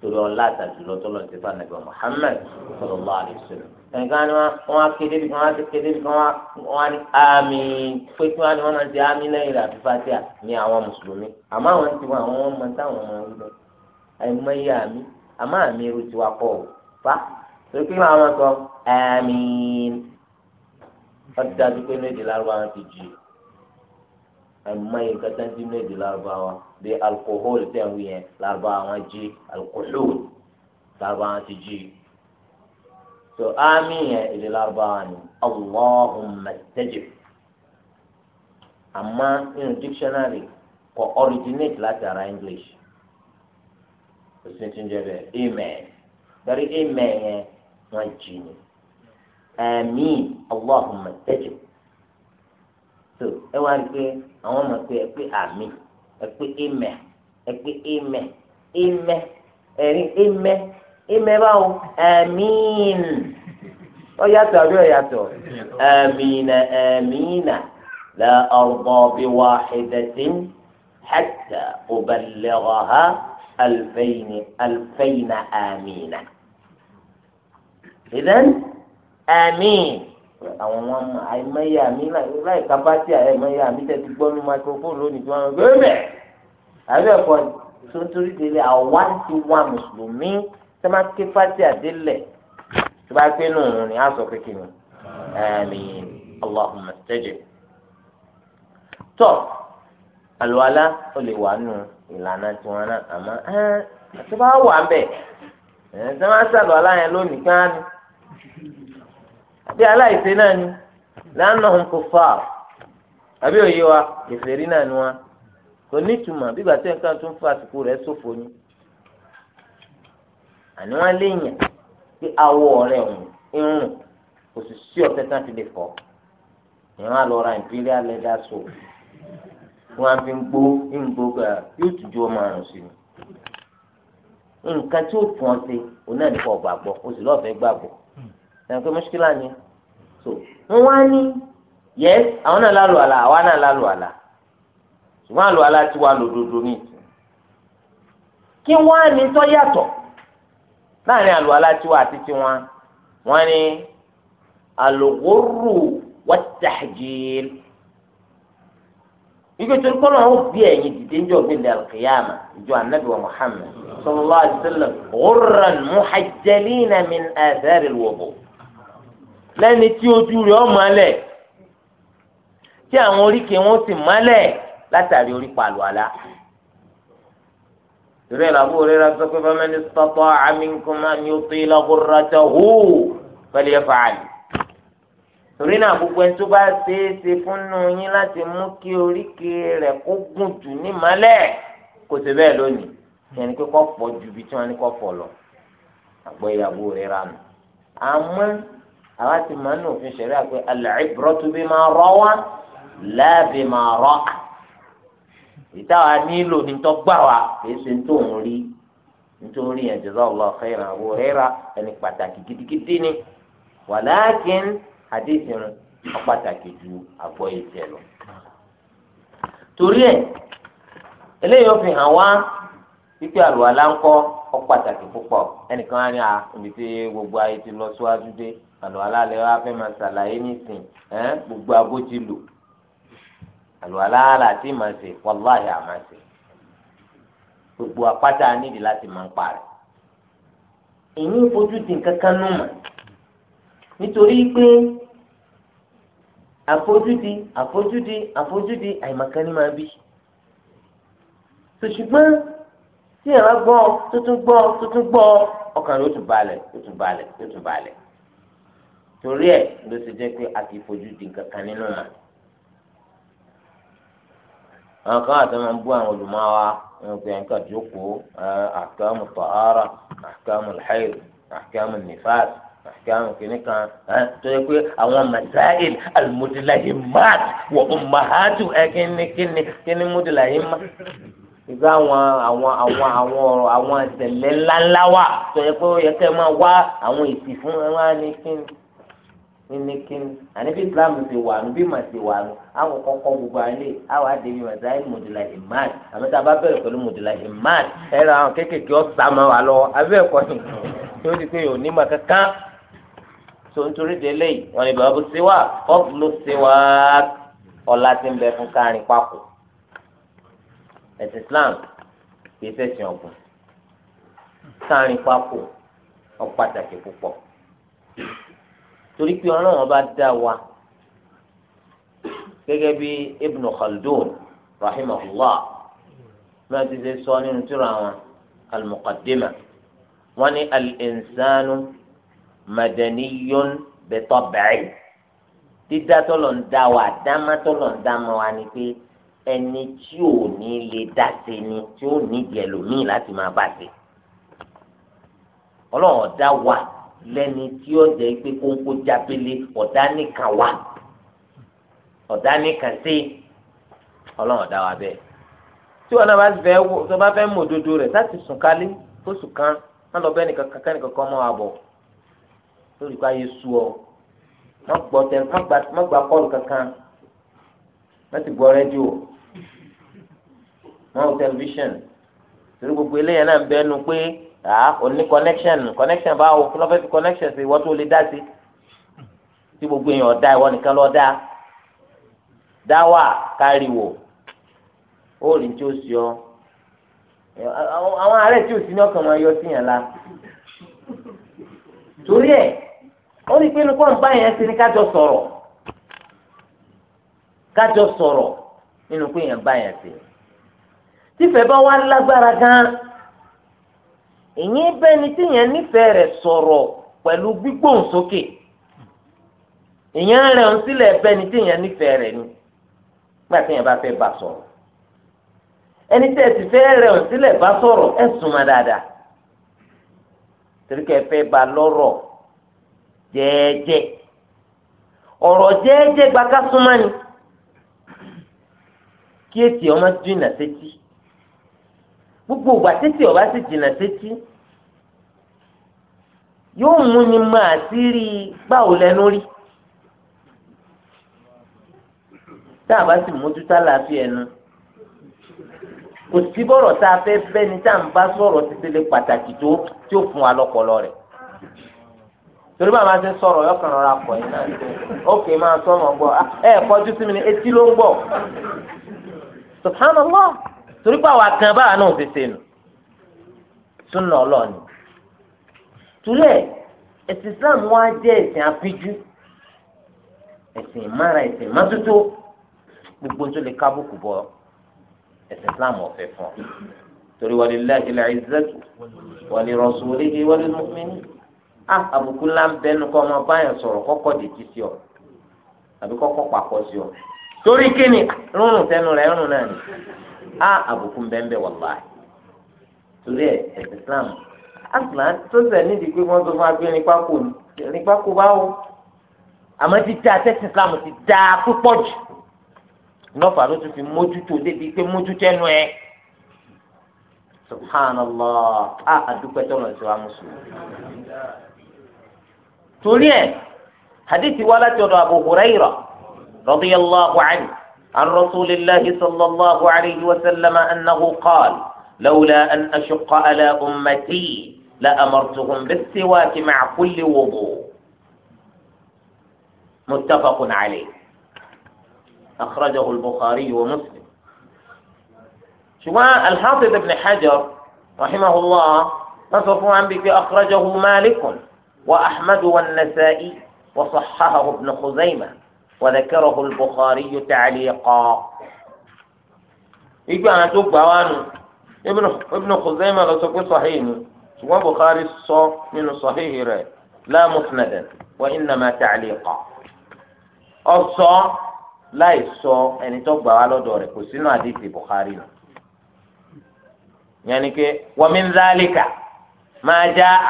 torí ọlá àtàjù lọ́tọ́lọ́ ti fún anabi wa muhammed sallallahu alaihi wasallam ẹnìkan ni wọn á kéde bí wọn á kéde bí wọn á ní àmì pé kí wọn ni wọn náà ti àmì lẹ́yìn rẹ̀ àfi fatia ní àwọn mùsùlùmí àmọ́ àwọn ti wọn àwọn ọmọ táwọn ọmọ wọn lọ àìmọye àmì àmọ́ àmì irú tiwa pọ̀ o fa torí pé wọn sọ àmì ọ̀dájú pé ní èdè lárúbáwá ti jì í àmọ́ yìí kẹta dín méjì lárúbáwá bí alkohol tẹ̀ ń wí yẹn lárúbáwá wọn jí alkohol lárúbáwá wọn ti jí so àmì yẹn èdè lárúbáwá ni allahumma tajib àmọ́ nínú dictionary kò originate láti ara english kò sí ti ń jẹ bẹ́ẹ̀ amen dari amen yẹn wọn jí ni àmì allahumma tajib tó ẹ wá rí i pé àwọn ọmọ pé ẹ pé àmì ẹ pé ìmẹ ẹ pé ìmẹ ìmẹ ẹrí ìmẹ ìmẹ báwo àmín ó yàtọ̀ àbí ó yàtọ̀ àmìnà àmìnà la arda bi wahidatin hatta uballighaha alfayni alfayna àmìnà. إذن آمين àwọn wọn mọ àìmọye àmì láì kábá tí àìmọye àmì tẹ ti gbọ́ ní microphone lónìí tí wọ́n gbé bẹ̀ àbí ẹ̀kọ́ tó ń torí délé àwa ti wá mùsùlùmí tí wọ́n ké fati àdélẹ̀ tí wọ́n pé nù ní àṣọ kékeré àmín Allahumma stajib tọ́ àlùwalá ó lè wà nù ìlànà tiwọn náà àmọ́ ẹ́ àti bá wà ń bẹ̀ ẹ̀ tí wọ́n á sàlùwalá yẹn lónìí káàní. bí ala náà ni na kuffar àbí òye wa kèfèrí náà ni wọn kò ní ìtumọ̀ bígbà tí nǹkan tó ń fa àsìkò rẹ̀ ni àní wọn léèyàn awọ rẹ̀ ń rùn kò sì sí ọ̀tẹ́ tán fi lè fọ́ ìran imperial leather soap wọn fi ń gbó ń gbó ọmọ àrùn sí ni nǹkan tí ó ọ òun náà o sì ẹ̀ ń pẹ́ mọ́ṣíkìlá ni so wọ́n wá ní yẹ́s àwọn náà lálù àlà àwa náà lálù àlà ṣùgbọ́n àlù àlà ti wà lòdòdó ní ìtì kí wọ́n á ní tó yàtọ̀ láàrin àlù àlà tiwa àti tiwọn wọ́n ní àlùkòrò wàtàjìl ike tó kọ́ náà ó bí ẹ̀yin dìde ń jọ bí ilẹ̀ alkiyama ìjọ anabi wa muhammed sallallahu alayhi wa sallam ghurran muhajjalina min athari lẹ́ni tí ojú rẹ̀ ọ́ malẹ̀ tí àwọn oríkèé wọn sì malẹ̀ látàrí orí pàlọ́ àlá. ìrẹ́ làbó rẹ̀ rà sọ pé fẹ́mi ní sọ́tọ́ àmínkùnmá ni ó tó ilé ọkùnrin rẹ̀ hù pẹ̀lú ẹ̀fà àlè. torí náà gbogbo ẹni tó bá ṣeé ṣe fúnnu yín láti mú kí oríkèé rẹ̀ kó gùn jù ní malẹ̀ kò sí bẹ́ẹ̀ lónìí yẹn ni kọ́ pọ̀ ju ibi tí wọ́n ní kọ́ pọ̀ lọ àgbọ̀ ìyàwó rẹ̀ rà nù. àmọ́ àwa ti máa ń nù òfin ṣẹlẹ àpé al-ibratu bima rawa la bima ra'a ìtawà nílò ní tó gbà wá kìí ṣe tó ń rí nítorí yẹn jazakallahu khairan Abu Hurairah ẹni pàtàkì gidigidi ni wàlákin àdéhùn ọpàtàkì ju àgbọ̀yé tiẹ̀ lọ. torí ẹ̀ eléyìí ó fi hàn wá pípé àlùwàlá ńkọ́ ọpàtàkì púpọ̀ ẹnìkan á ní à níbi tí gbogbo ayé ti lọ síwájú dé àlùwàlá lè wá fẹ́ máa ṣàlàyé nísìn ẹ́ gbogbo abójú lò àlùwàlá láti máa ṣe wàláhì àmà ṣe gbogbo apáta nídìí láti máa ń parẹ́. èmi ń fojú di nǹkan kan nù mọ́ nítorí pé àfojúdi àfojúdi àfojúdi àìmọ̀kan ni máa bí. ṣùgbọ́n tí ẹ̀rọ gbọ́ tuntun gbọ́ tuntun gbọ́ ọkàn rẹ̀ ó tún balẹ̀ ó tún balẹ̀ ó tún balẹ̀ torí ẹ̀ ló ti jẹ́ pé a ti fojú di nǹkan kan nínú mà àwọn kan àti wọn bú àwọn olùmọ̀wá wọn pe nǹkan jókòó ahkamu tahara ahkamu alhayd ahkamu nifas ahkamu kìnnìkan tó yẹ pé àwọn masáìl almudilahimat wọ ummahatu ẹ kínní kínní kínní mudilahimat ìgbà àwọn àwọn àwọn àwọn ọ̀rọ̀ àwọn ìṣẹ̀lẹ̀ ńláńlá wà tó yẹ pé ó yẹ kẹ́ máa wá àwọn ìsìn fún ẹ wá ní kínní nínìkíní àníbi islam ti wà nù bí mà ti wà nù àwọn kọ́kọ́ gbogbo àlè àwọn àdèmí màtí àyè mùdìlà imad àmọ́tá bá bẹ̀rẹ̀ pẹ̀lú mùdìlà imad ẹ̀rọ àwọn kéékèèké ọ̀sà máa wà lọ abẹ́ ẹ̀kọ́ ni tí ó di pé òní mà kankan tó ń torí de lẹ́yìn wọn ni bàbá bó ṣe wà fọ́ọ̀fù ló ṣe wá ọ̀la ti ń bẹ fún kárin pákó ẹ̀sìn islam kì í ṣẹ̀sìn ọ̀gbìn kárin pákó ó torí pé ọlọ́run bá dá wa gẹ́gẹ́ bí ibn khaldun rahimahullah náà ti ṣe sọ nínú tírà wọn al-muqaddima wọn ni al-insanu madaniyun bitabi'i dídá tọ́lọ̀ ń dá wa dámá tọ́lọ̀ ń dámá wa ni pé ẹni tí ò ní lè dá se ni tí ò ní di ẹlòmíì láti máa bá se ọlọ́run dá wa lẹ́ni tí ó jẹ́ pé kóńkó jábélé ọ̀dá nìkan wà ọ̀dá nìkan sí ọlọ́run dá wa bẹ́ẹ̀ tí wọn náà bá fẹ́ wò tó bá fẹ́ mọ òdodo rẹ̀ láti sùn kálí kó sùn kán má lọ bẹ́ẹ̀ nìkan kankan nìkan kan mọ́ wa bọ̀ lórí ká yé sú ọ má gbọ́ tẹ má gba kọ́ọ̀lù kankan má ti gbọ́ rẹ́díò má tẹlifíṣàn torí gbogbo eléyàn náà bẹ́ẹ̀ nu pé ah o ní connection connection báwo lọ́fẹ̀ẹ́ connection sí ìwọ́n tó lè dá sí tí gbogbo èèyàn dá ìwọ nìkan lọ dá dá wà káríwò ó rí tí ó sì ọ àwọn àárẹ̀ tí ò sí ní ọkàn máa yọ sí yàn la torí ẹ̀ ó rí i pé inú kọ́ ń bá yẹn ṣe ni kájọ sọ̀rọ̀ kájọ sọ̀rọ̀ nínú pé yẹn bá yẹn ṣe tífẹ̀ bá wà lágbára gan-an ìyẹn bẹ́ni tí yẹn nífẹ̀ẹ́ rẹ̀ sọ̀rọ̀ pẹ̀lú gbígbóhùn sókè ìyẹn rẹ̀ ń sílẹ̀ bẹ́ni tí yẹn nífẹ̀ẹ́ rẹ̀ ni nígbà tí yẹn bá fẹ́ bá sọ̀rọ̀ ẹni tẹ́ ẹ sì fẹ́ rẹ̀ ń sílẹ̀ bá sọ̀rọ̀ ẹ súnmọ́ dáadáa torí kẹ́ ẹ bá lọ́rọ̀ jẹ́ẹ́jẹ́ ọ̀rọ̀ jẹ́ẹ́jẹ́ gbaká súnmọ́ ni kí ètì ọmọ dúnà sétí gbogbo ìgbà títí ọba sì jìnnà sétí yóò mú ni máa sí rí báwo lẹnu rí tá a bá sì mójútó àlàáfíà ẹnu kò sí bọ̀rọ̀ tá a fẹ́ bẹ́ni tá à ń bá sọ̀rọ̀ títí lè pàtàkì tó tí ó fún wa lọ́pọ̀lọ́ rẹ̀ torí bá máa ṣe sọ̀rọ̀ yọkàn rọra pọ̀ yìí náà ókè máa sọ̀rọ̀ gbọ́ ah, ẹ kọjú sí mi ní etí ló ń gbọ́ subhanallah torí pé àwa kan báwa náà ṣe ṣe nù súnà ọlọ́ọ̀ni túlẹ̀ ẹ̀sìn Islam wá jẹ́ ẹ̀sìn afíjú ẹ̀sìn ìmára ẹ̀sìn ìmọ́tótó gbogbo tó lè kábùkù bọ ẹ̀sìn Islam ọ̀fẹ́ fún ọ torí wa lillahi al-izzatu wa li rasulihi wa lil mu'minin a ah, àbùkù ńlá ń bẹnu kọ́ ọmọ báyọ̀ sọ̀rọ̀ kọ́kọ́ dèjì sí ọ àbí kọ́kọ́ pàkọ́ sí ọ torí kíni rúnrún tẹnu rẹ̀ rún náà ni. á àbùkún bẹ́ńbẹ́ wàláì torí ẹ̀ ẹ̀sìn Islam asùlá tó sẹ̀ nídìí pé wọ́n sọ fún agbé nípákó nípákó báwo àmọ́ ti dá Islam ti dá púpọ̀ jù nọ́ọ̀fà ló fi mójútó débi pé mójútó ẹnu ẹ̀ subhanallah a àdúpẹ́ mùsùlùmí torí ẹ̀ hadithi wa láti ọ̀dọ̀ عن رسول الله صلى الله عليه وسلم أنه قال لولا أن أشق على أمتي لأمرتهم بالسواك مع كل وضوء متفق عليه أخرجه البخاري ومسلم شواء الحافظ ابن حجر رحمه الله نصف عن بك أخرجه مالك وأحمد والنسائي وصححه ابن خزيمة وذكره البخاري تعليقا يجي أنا توقع ابن ابن خزيمة لو تقول صحيح سواء بخاري صو من صحيح رأي لا مسندا وإنما تعليقا الصو لا يصو يعني توقع على دوري كسينو حديث بخاري يعني كي ومن ذلك ما جاء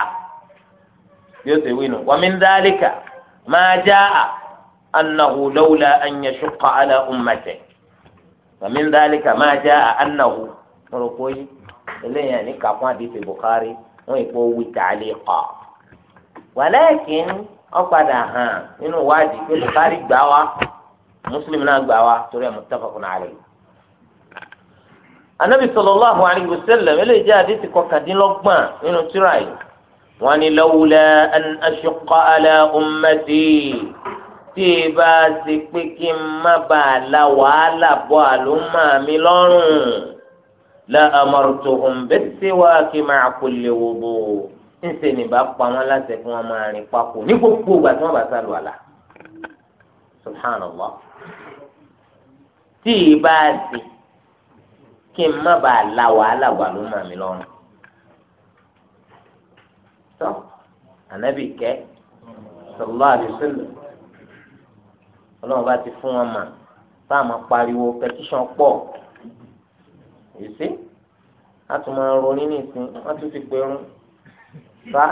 يوسف ومن ذلك ما جاء أنه لولا أن يشق على أمته ومن ذلك ما جاء أنه ركوي إليه يعني كما في البخاري ويقوي تعليقا ولكن أقدها إنه واجب في البخاري دعوة مسلم لا دعوة ترى متفق عليه النبي صلى الله عليه وسلم إليه جاء ديتي كوكادين لقمان إنه تراي وأن لولا أن أشق على أمتي tí e bá ṣe pé kí n má bàa la wàhálà bọ́ àlùmọ́ mi lọ́rùn la amartuhum bis-siwaki ma'a kulli wudu ńṣe ní bá pa wọn láti fún wọn máa rìn papò ní gbogbo ìgbà tí wọn bá sálù àlà subhanallah tí e bá ṣe kí n má bàa la wàhálà bọ́ àlùmọ́ mi lọ́rùn tó ànábì kẹ́ sallallahu alaihi ọlọ́run bá ti fún wọn mà bá àmọ́ pariwo petition pọ̀ èsì a tún máa ronú nìsín wọ́n tún ti gbẹrun fa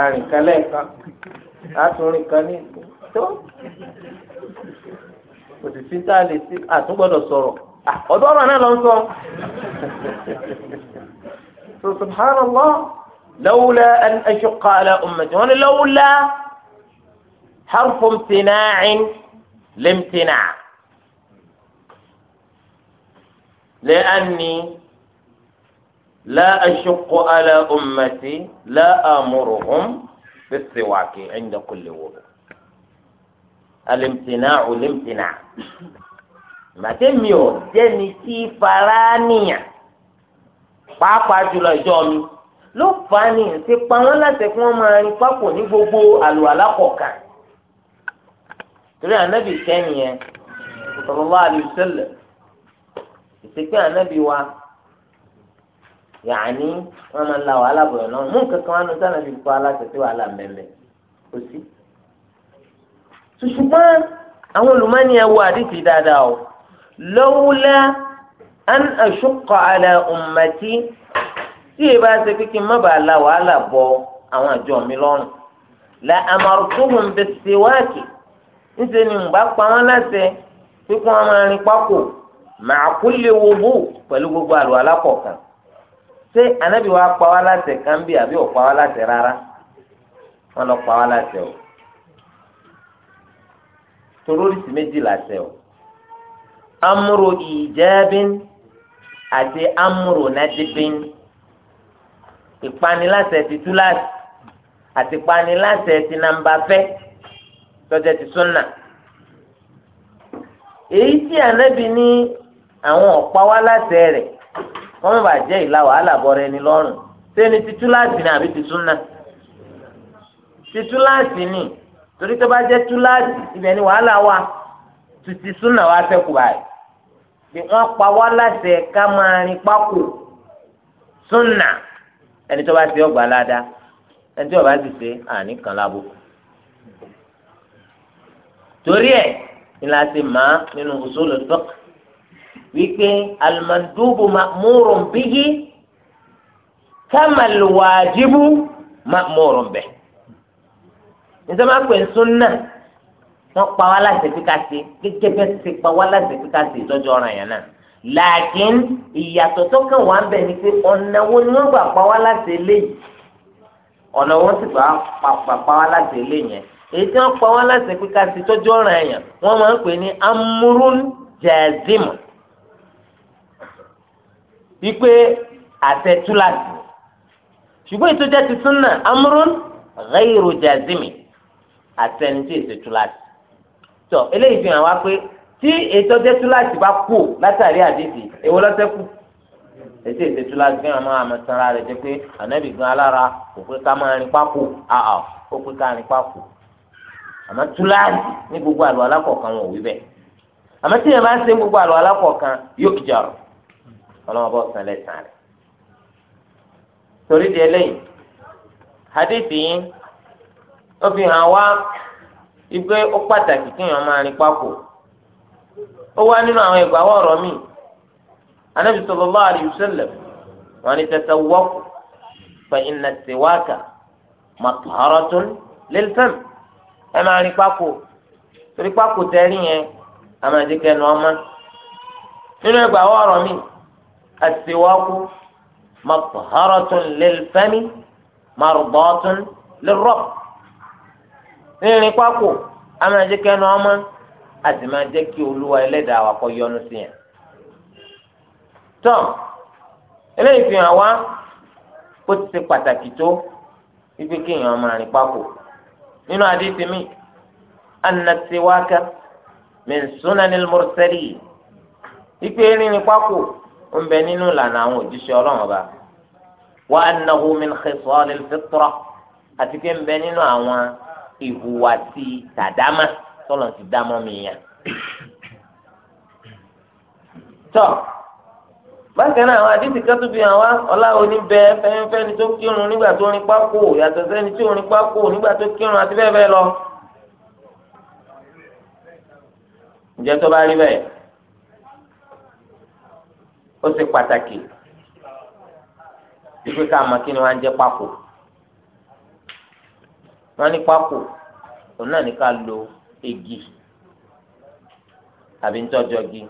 arìnkálẹ̀ kan a tún rìn kan ní tó kò sì sí tá a lè sí àtúngbọ́dọ̀ sọ̀rọ̀ ọ̀dọ́ ọ̀rọ̀ náà lọ ń sọ. so subhanallah lawla an ashqa ala ummati wọn ni lawla. حرف امتناع لامتناع لأني لا أشق على أمتي لا آمرهم بالسواك عند كل وضوء الامتناع الامتناع màtẹ́mi ò jẹ́ni tí faraniya pàápàá jùlọ ìjọ mi ló fà á ní ìsepamọ́ láti fún ọmọ arin pápò ní gbogbo àlùhàlà kọ̀ọ̀kan torí ànábì kẹ́ni yẹn sallallahu alaihi wasallam ìsìnkú ànábì wa yàní wọn máa ń la wàhálà bọ̀ náà mú nǹkan kan wánú sáà nàbí kọ́ aláṣẹ tí wàhálà mẹ́mẹ́ kò sí. ṣùṣùgbọ́n àwọn olùmọ́ni ẹ̀ wo àdìsí dáadáa o lawla an ashqa ala ummati tí èyí bá ṣe kíkí má bàa la wàhálà bọ̀ àwọn àjọ mi lọ́rùn la amartuhum bis siwaki níṣẹ́ ni mùbá pa wọ́n láṣẹ pé kí wọ́n máa rin pákó màá kú lè wo bó pẹ̀lú gbogbo àlò alákọ̀ọ̀kan ṣé ànábì wa pa wá láṣẹ kan bí àbí ò pa wá láṣẹ rárá wọ́n lọ pa wá láṣẹ o torórísì méjì láṣẹ o amúrò ìjẹ́bín àti amúrò nájíbín ìpaniláṣẹ ti àti ìpaniláṣẹ ti tọ́jẹ́ ti súnà èyí tí ànábì ní àwọn ọ̀pá wá láti rẹ̀ wọ́n mọ̀ bàjẹ́ ìlà wàhálà bọ̀rẹ̀ ẹni lọ́rùn sẹ́ni ti túláàsì ni àbí ti súnà ti túláàsì ni torí tó bá jẹ́ túláàsì ibẹ̀ ni wàhálà wà tuntun súnà wà sẹ́kù báyìí bí wọ́n pa wá láti ká máa rin pákó súnà ẹni tó bá ti ọgbà ládàá ẹni tó bá ti ṣe àníkàn lábùkù torí ẹ̀ nílá ti máa nínú usul al-fiqh wípé al-mandubu ma'murun bihi kama al-wajibu ma'murun bihi níta máa pè sunna wọn pa wá láti fi ká ṣe gẹ́gẹ́ bẹ́ẹ̀ ti pa wá láti fi ká ṣe ìtọ́jú ọ̀ràn yẹn náà làákín ìyàtọ̀ tó kàn wá ń bẹ̀ ni pé ọ̀nà wo ni wọ́n gbà pa wá láti eléyìí ọ̀nà wo sì gbà pa wá láti eléyìí yẹn èyí tí wọ́n pa wọ́n láti pé ká ti tọ́jú ọ̀ràn èèyàn wọ́n máa ń pè ní amúrún jẹ́ẹ̀dìmù wípé àtẹ túláàsì ṣùgbọ́n ìtọ́jà ti súnà amúrún ghayru jazimi àtẹni tí èsè túláàsì tọ eléyìí fi hàn wá pé tí ìtọ́jà túláàsì bá kú látàrí àdìsí èwo lọ́sẹ̀ kù ètò èsè túláàsì fi hàn máa àmọ́ sanra rẹ̀ jẹ́ pé ànábì alára kò pé ká máa rìn pákó àà ó pé ká rìn pákó àmọ́ túláàsì ní gbogbo àlọ́ alákọ̀ọ́kan wọn ò wí bẹ́ẹ̀ àmọ́ tí yẹn bá ń ṣe gbogbo àlọ́ alákọ̀ọ́kan yóò kìjà rọ̀ ọlọ́wọ́ bọ́ sàn lẹ́sàn rẹ̀ torí di eléyìí hadith yìí ó fi hàn wá ipe ó pàtàkì kéèyàn máa rìn papọ̀ ó wá nínú àwọn ìgbàwọ́ ọ̀rọ̀ mi anabi sallallahu alayhi wa sallam wọ́n ní tatawwaq fa inna siwaka matharatun lil fam ẹ máa rin pákó torí pákó tẹ́rí yẹn àmàdékẹ́nu ọmọ nínú ẹgbàá ọ̀rọ̀ mi àtiwákú mọ̀tòhárọ̀tún lẹ́lẹ́fẹ́mi mọ̀rùbọ́tún lẹ́rọ̀ rírin pákó àmàdékẹ́nu ọmọ àti máa jẹ́ kí olúwa ẹlẹ́dàá wa kọ́ yọ́nú sí yẹn. tọ́ eléyìí fi hàn wá bó ti ṣe pàtàkì tó wípé kéèyàn máa rìn pákó nínú àdìsí mi anasiwaka mẹsùnánil mọrsẹlì ipe erin ní pákó ń bẹ nínú ìlànà àwọn òjíṣẹ́ Ọlọ́run ọba wa anahu min khisalil fitra àti pé ń bẹ nínú àwọn ìhùwàsí tàdámà tọlọ ti dámọ mi yàn bákan náà àwọn àdìsí kan tún fi hàn wá ọláwo ní bẹ fẹ́ẹ́fẹ́ ni tó kírun nígbà tó rin pákó yàtọ̀ sẹ́ni tí ò rin pákó nígbà tó kírun àti bẹ́ẹ̀ bẹ́ẹ̀ lọ. ǹjẹ́ tó bá rí bẹ́ẹ̀ ó ṣe pàtàkì ìpè ká mọ̀ kí ni wọ́n á jẹ́ pákó wọ́n ní pákó òun náà ní ká lo igi àbí ń tọ́jọ́ igi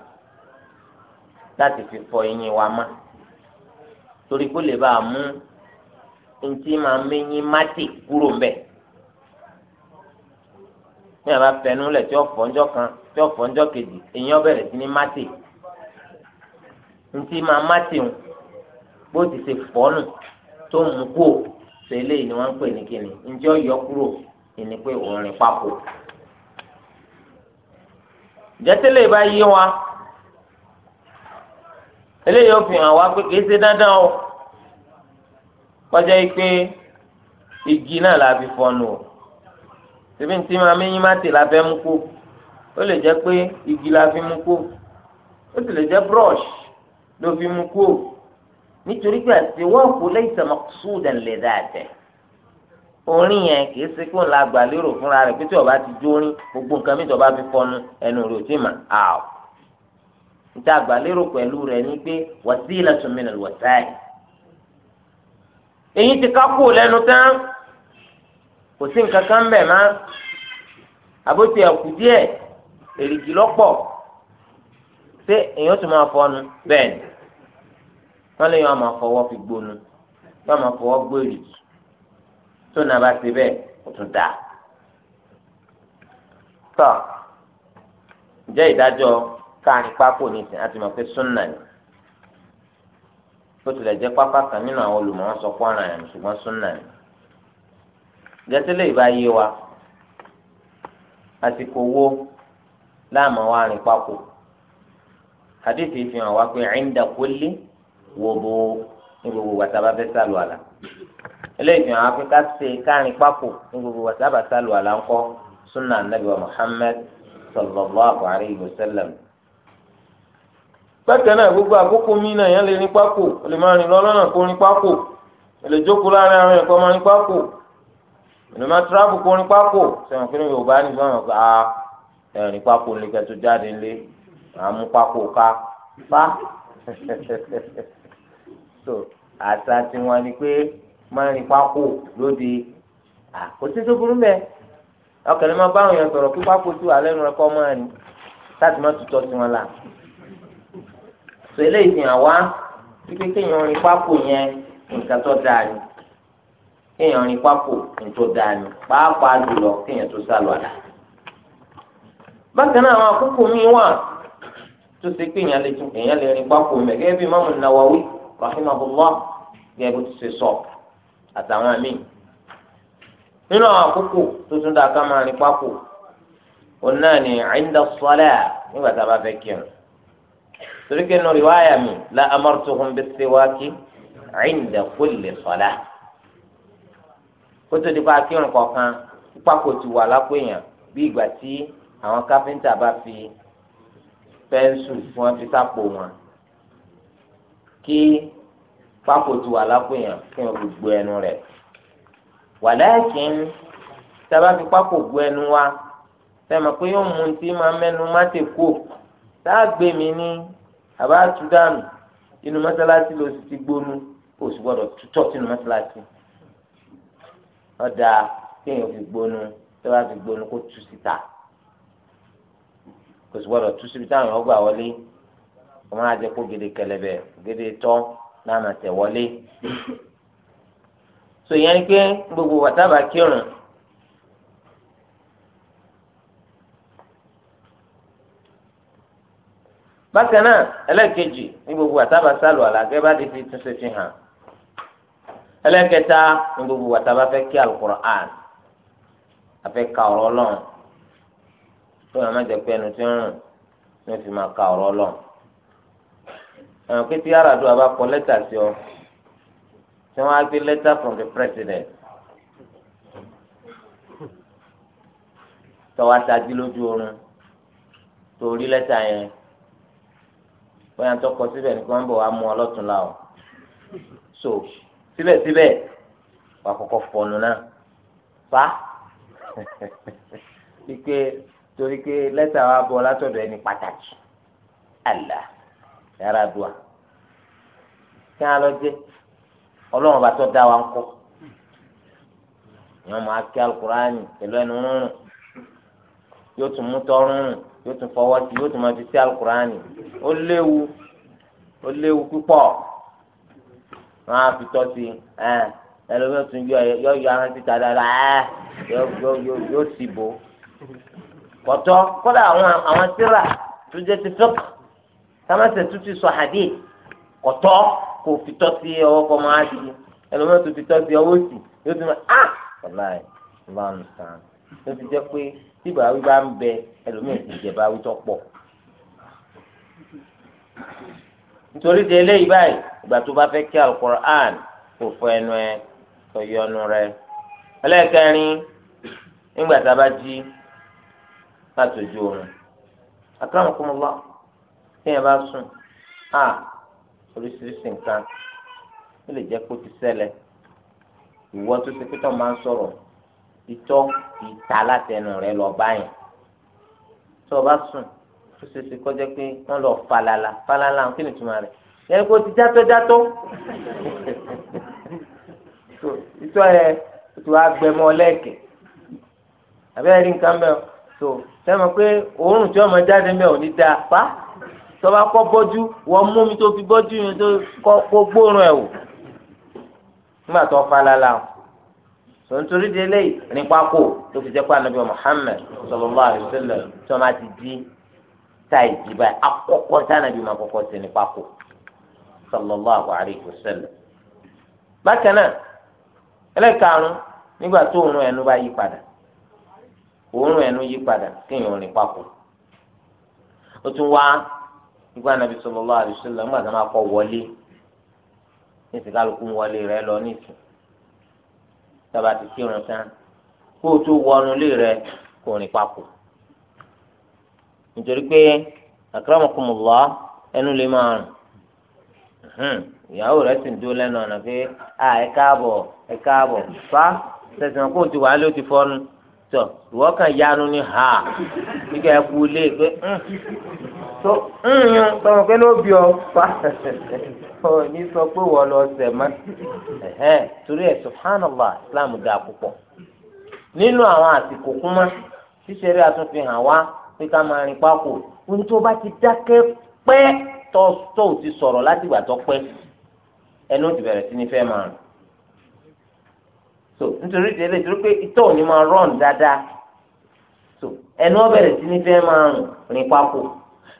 láti fi fọ eyín wa mọ́ torí kó lè bá a mú ntí máa méyín mátì kúrò mbẹ ní àbá fẹnu lẹ tí ọfọ ńjọ kan tí ọfọ ńjọ kejì eyín ọbẹ̀rẹ̀ sí ní mátì ntí máa mátì ń bó ti ṣe fọ́nù tó mú kú ò tẹ́lẹ̀ ni wọ́n ń pè ní kíni ǹjẹ́ ọ̀yọ́ kúrò ìní pé òun rìn papò. ìjẹ́tẹ́lẹ̀ bá yé wa eléyìí ó fi hàn wá pé kìí ṣe dandan o kọjá yìí pé igi náà la fi fọnù o tèmi ntí ma mi yín má tè la fẹ́ mú kó ó lè jẹ́ pé igi la fi mú kó ó sì lè jẹ́ brush ló fi mú kó nítorí pé àti wọ́n kò lẹ́yìn tẹ̀mọ́ sódà lè dá àtẹ̀ orin yẹn kìí ṣe kó la gbà lérò fúnra rẹ̀ pé tí o bá ti dórin gbogbo nǹkan mi tí o bá fi fọnù ẹnu rẹ̀ ò tí ì mà áwò. níta àgbàlérò pẹ̀lú rẹ̀ ni pé wasilatun min al-wasail. eyi ti ká lenu lẹ́nu tán kò sí nǹkan kan bẹ̀ má àbótí ẹ̀kú díẹ̀ èrìgì lọ́pọ̀ ṣé èyàn tún máa fọnu bẹ́ẹ̀ ni wọ́n lè yọ àmọ́ fọwọ́ fi gbónu yọ àmọ́ fọwọ́ gbó tó nà bá ṣe bẹ́ẹ̀ kò tún dáa. táàrin pákó ní ìsìn àti mọ̀ pé súnà ni bó tilẹ̀ jẹ́ pápá kan nínú àwọn olùmọ̀ wọn sọ pọ́nra ẹ̀ ṣùgbọ́n súnà ni gẹ́tẹ́lẹ̀ ìbá yé wa àsìkò wo láàmú wa rìn pákó hadithi fi hàn wá pé ẹ̀ńdà kulli wo bo ní gbogbo wàtàbà fẹ́ sálù àlà eléyìí fi hàn wá pé ká ṣe káàrin pákó ní gbogbo wàtàbà sálù àlà ńkọ́ súnà nàbí wa Muhammad sallallahu alayhi wa bákan náà gbogbo àkókò mi náà yẹn lè ní pákó o lè máa rìn lọ lọ́nà kó rìn pákó o lè jókòó láàrin àwọn ẹ̀kọ́ máa rìn pákó o lè máa tíráàbù kó rìn pákó o sẹ̀wọ̀n kí ni Yorùbá ní fún àwọn ọ̀gá ẹ̀rìn pákó ní kẹ́tọ́ jáde lé àmú pákó ká pa [laughs] so àṣà tiwọn ni pé máa rìn pákó lóde àkótí tó burú mẹ́ẹ̀ ọkàn ní máa bá àwọn èèyàn sọ̀rọ̀ kí pákó tó alẹ́ nu ẹ̀kọ́ máa rìn láti má tutọ́ sí wọn láà sọ eléyìí fi hàn wá wípé kéèyàn rin pákó yẹn nǹkan tó dáa ni kéèyàn rin pákó nǹkan tó dáa ni pàápàá jùlọ kéèyàn tó sálọ àlà. bákan náà àwọn àkókò míì wà tó ṣe pé èèyàn lè tún èèyàn lè rin pákó mẹ gẹ́gẹ́ bí mọ́mù Nawawi rahimahullah gẹ́gẹ́ bó ti ṣe sọ àtàwọn míì nínú àwọn àkókò tó tún dáa ká máa rin pákó òun náà ni àyíndà sọlá nígbà tá a bá fẹ́ kírun torí pé nù riwaya mi la amartuhum bis-siwaki inda kulli salah kótó nípa akírun kọ̀ọ̀kan pákó ti wà lápò èèyàn bí ìgbà tí àwọn káfíńtà bá fi pẹ́ńsù fún wọn fi sápò wọn kí pákó ti wà lápò kí wọn fi gbó ẹnu rẹ̀ wàlẹ́kìn sábà fi pákó gbó ẹnu wa sẹ́mi pé yóò mú un tí máa mẹ́nu má ti kú sáà gbé mi ní àbá tú dànù inú mọ́sálásí ló ti gbónú kò sì gbọ́dọ̀ tutọ́ sínú mọ́sálásí ọ̀dà kéèyàn fi gbónú tó bá fi gbónú kó tú síta kò sì gbọ́dọ̀ tú síbi táwọn ọgbà wọlé wọn á jẹ kó gèdè kẹlẹbẹ gèdè tọ́ náà tẹ̀ wọlé so ìyẹn ni pé gbogbo wàtábà kírun. bákan náà ẹlẹ́ẹ̀kejì ní gbogbo àtàbà sálù àlàgẹ́ bá di fi túnṣe fi hàn ẹlẹ́ẹ̀kẹta ní gbogbo àtàbà fẹ́ kí alukur'an afẹ́ ka ọ̀rọ̀ ọlọ́run tó yàrá má jẹ pé ẹnu tí ń rùn ní o fi máa ka ọ̀rọ̀ ọlọ́run ẹ̀rọ pété aráàlú àbá kọ lẹ́tà sí ọ tí wọ́n á gbé lẹ́tà from the president tọ́wọ́ aṣáájú lójú oorun torí lẹ́tà yẹn bóyá ń tọkọ síbẹ̀ ní kí wọ́n ń bọ̀ wá mú ọlọ́tún la o so síbẹ̀síbẹ̀ wà kọ́kọ́ fọ̀nù náà fa [laughs] wípé torí pé lẹ́tà wa bọ̀ látọ̀dọ̀ ẹni pàtàkì àlà yàrá dùà kí á lọ jẹ ọlọ́run bá tọ́ da wa ń kọ́ ìyọ́n máa kí alukurani pẹ̀lú ẹnu rúnrún yóò tún mú tọ́ rúnrún yóò tún fọwọ́ sí yóò tún máa fi sí alukurani ó léwu ó léwu púpọ̀ wọn á fi tọ́ sí ẹ ẹlòmíràn tún yọ yọ yọ ahọ́n síta dáadáa ẹ yóò yóò yóò sì bò kọ́tọ́ kọ́dà àwọn àwọn tíra tó jẹ́ ti fẹ́k támásẹ̀ tó ti sọ àdé kọ́tọ́ kò fi tọ́ sí ọwọ́ kọ́ máa di ẹlòmíràn tó fi tọ́ sí ọwọ́ sí yóò tún máa ah ọ̀la ẹ̀ ọ̀la ọ̀nà sàn ti jẹ́ pé tí bàwí bá ń bẹ ẹlòmíì ti jẹ bàwí tó pọ̀ nítorí de eléyìí báyìí ìgbà tó bá fẹ́ kí alukur'an kò fọ ẹnu ẹ kò yọ ọnu rẹ ẹlẹ́ẹ̀kẹrin nígbà tá a bá jí látòjú oorun akramakumullah téèyàn bá sùn á oríṣiríṣi nǹkan ó lè jẹ́ kó ti ṣẹlẹ̀ ìwọ tó ti pété máa ń sọ̀rọ̀ ìtọ́ ìta látẹnu rẹ lọ báyìí tó o bá sùn tó ṣe ṣe kọjá pé wọ́n lọ falala falala kí ni ìtumọ̀ rẹ̀ yẹn kó ti játọ́ játọ́ [laughs] ìtọ́ yẹ tó a gbẹmọ lẹ́ẹ̀kẹ́ àbẹ́rẹ́ rí nǹkan bẹ́ẹ̀ tó sẹ́mi pé òórùn tí ọmọ jáde mẹ́ ò ní dáa pa tọ́ba kọ́ bọ́jú wọ́n mú mi tó fi bọ́jú yẹn tó kọ́ gbóòórùn ẹ̀ wò nígbà tó falala o. sọ̀ntorí di lee ní pákó ló fi jẹ́ pé anabi Muhammad sallallahu alaihi wasallam tí wọ́n ti di tá ìdí báyìí akọ́kọ́ tí anabi máa kọkọ sí ní pákó sallallahu alaihi wasallam. bákan náà ẹlẹ́karùn-ún nígbà tó òórùn ẹnu bá yí padà ẹnu yí padà kéèyàn ní pákó ó tún wá nígbà anabi sallallahu nígbà tí wọlé ní wọlé rẹ lọ ní tàbá ti kírun tán kó o tó wọnú ilé rẹ kò rìn papò nítorí pé akramakumullah ẹnu lè máa rùn ìyàwó rẹ sì ń dúró lẹ́nu ọ̀nà pé ẹ káàbọ̀ ẹ káàbọ̀ fa tẹsán kó o ti wà á lé o ti fọ́nu tọ ìwọ kan yanu ni ha nígbà ẹ kú lé pé tó yún tọmọ pé ló bí ọ fa ọ [laughs] ní sọ pé wọ́n lọ sẹ̀ mọ́ torí ẹ̀ subhanallah islam nínú àwọn àsìkò wá pé ká máa rìn pákó bá ti dákẹ́ pẹ́ tó tó ti sọ̀rọ̀ láti tó pẹ́ ẹnu ti so nítorí tẹ́lẹ̀ nítorí pé ìtọ̀ ò ní máa so ẹnu ọbẹ̀rẹ̀ sí ní fẹ́ máa rùn rìn papò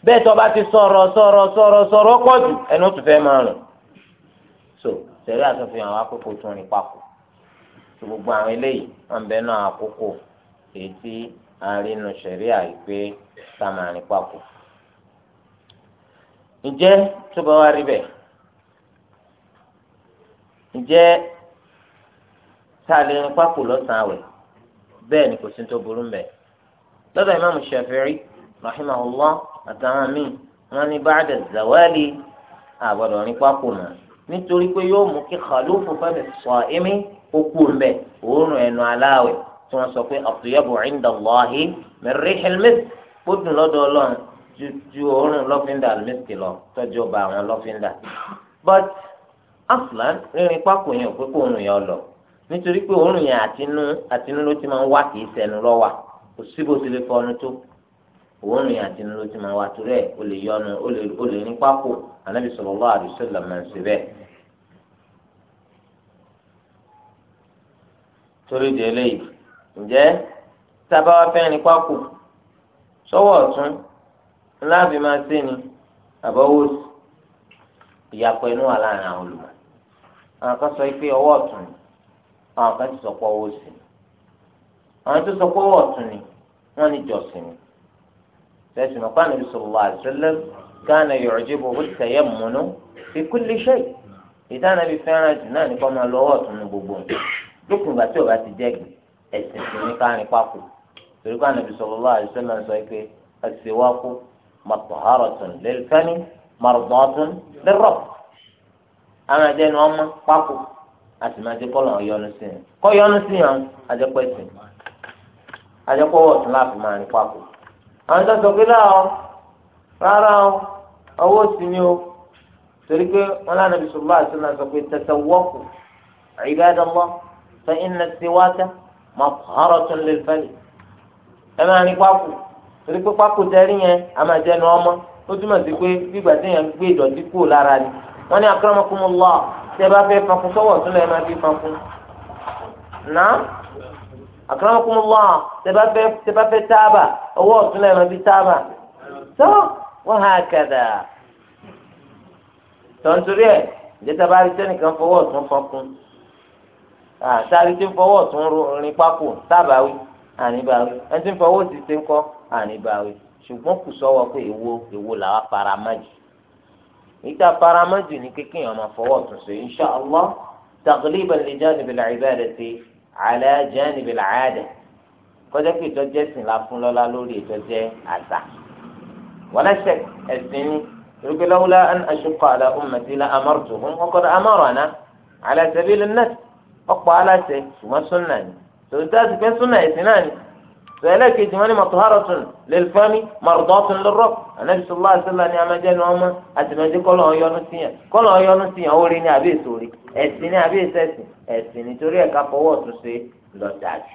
bẹ́ẹ̀ tó bá ti sọ̀rọ̀ sọ̀rọ̀ sọ̀rọ̀ sọ̀rọ̀ pọ̀ jù ẹnu tó fẹ́ máa so tẹ̀lé àtúnfihàn àwọn àkókò tó rìn papò so gbogbo àwọn eléyìí wọn bẹ náà àkókò èyí tí pé rìn ǹjẹ́ tó bá ǹjẹ́ tá a lè rin pákó lọ́sàn-án àwẹ̀ bẹ́ẹ̀ ni kò sí tó burú mbẹ́ lọ́dọ̀ ìmáàmù Shafi'i rahimahullah àtàwọn míì wọn ní ba'da zawali àgbọ̀dọ̀ rin pákó mọ́ nítorí pé yóò mú kí khalofu fẹ́mi sa'imi ó kú mbẹ́ òórùn ẹnu aláwẹ̀ tí wọ́n sọ pé atyabu inda Allahi min rihil misk ó dùn lọ́dọ̀ ju òórùn lọ́fíńdà misk lọ tọ́jú ọba àwọn lọ́fíńdà but aslan rírin pákó yẹn ò kó òórùn yẹn lọ nítorí pé òórùn yẹn àtinú àtinú ló ti máa ń wá kì í sẹnu lọ́wà kò síbò sí lè fọnu tó òórùn yẹn àtinú ló ti máa wá torí ẹ̀ o lè yọnu o lè ní pákó Ànábì sallallahu alaihi wasallam máa ṣe bẹ́ẹ̀. torí di eléyìí ǹjẹ́ sábà wá fẹ́ ní pákó sọ́wọ́ ọ̀tún máa ṣe ni àbọ̀wò ìyàpọ̀ inú wà láàrin àwọn olùmọ̀ àwọn kan sọ pé ọwọ́ ọ̀tún ni. àwọn kan ti sọ pé ọwọ́ sí ni àwọn tó sọ pé ọwọ́ ọ̀tún ni wọ́n ní jọ̀sìn ni sẹ́sìn ọ̀pá Ànábì sallallahu alaihi wasallam kana yu'jibuhu tayammunu fi kulli shay ìdá Ànábì fẹ́ràn jù náà nípa máa lọ́wọ́ ọ̀tún ní gbogbo nǹkan lókùn ìgbà tí ò bá ti jẹ́ ẹ̀sìn sí ní káàrin pákó torí pé Ànábì sallallahu alaihi wasallam sọ pé as-siwaku mataharatun lil fami mardatun lir-rabb àwọn àjẹnu ọmọ pákó àti máa ti kọ́lọ̀ ọ̀yọ́nu sí yẹn kọ́ yọ́nu sí yẹn àjẹpọ̀ ẹ̀sìn àjẹpọ̀ wọ̀ tún láàfin máa ní papò. àwọn sọ pé ọ rárá ọ ọwọ́ sí ni o torí pé wọn lánà bí sùgbọ́n àti náà sọ pé ẹ máa ní torí pé yẹn a máa jẹ́ ọmọ ó túmọ̀ sí pé bí gbàdéyàn tí ẹ bá fẹ́ fankun sọ́wọ́ ọ̀tún lẹ́yìn máa fi fankun nà akramakumullah tí ẹ bá fẹ́ tí ẹ bá fẹ́ táàbà ọwọ́ ọ̀tún lẹ́yìn máa fi táàbà tó wọ́n hà kàdà tọ́ntúrí ẹ̀ ìjẹta bá rí sẹ́nìkan fọwọ́ ọ̀tún fankun àtàrí tí ń fọwọ́ ọ̀tún rin pákó táàbà wí àníbàwí ẹni tí ń fọwọ́ sí ṣe ń kọ́ àníbàwí ṣùgbọ́n kù sọ́wọ́ pé èwo èwo làwọn fara má jù níta faramaju ní kékeré ọmọ fọwọ́ tuntun insha allah tagliban li janib al-ibadati ala janib al-aada kọjá pé ìtọ́jẹ́ sìn la fún lọ́la lórí ìtọ́jẹ́ àṣà wala shak ẹ̀sìn ni rúgbẹ́ lawla an ashqa ala ummati la amartuhum wa qad amarana ala sabil an ọ̀pọ̀ aláṣẹ ṣùgbọ́n súnà ni tòun tá a ti fẹ́ súnà ẹ̀sìn náà ni sẹ́lẹ̀ kejì wọn ni mọ̀tòhárọ̀tún lẹ́lifámi mọ̀rọ̀dọ́tún lọ́rọ̀ anabi sọlá àṣẹlá ni amẹ́jẹ́ ni wọ́n mọ́ àtìmẹ́jẹ́ kọ́lọ̀ ọ̀yọ́nu síyàn kọ́lọ̀ ọ̀yọ́nu síyàn ó rí ní àbí èso rí ẹ̀sìn ní àbí èsẹ̀sìn ẹ̀sìn nítorí ẹ̀ka fọwọ́ ọ̀tún ṣe lọ́dàjù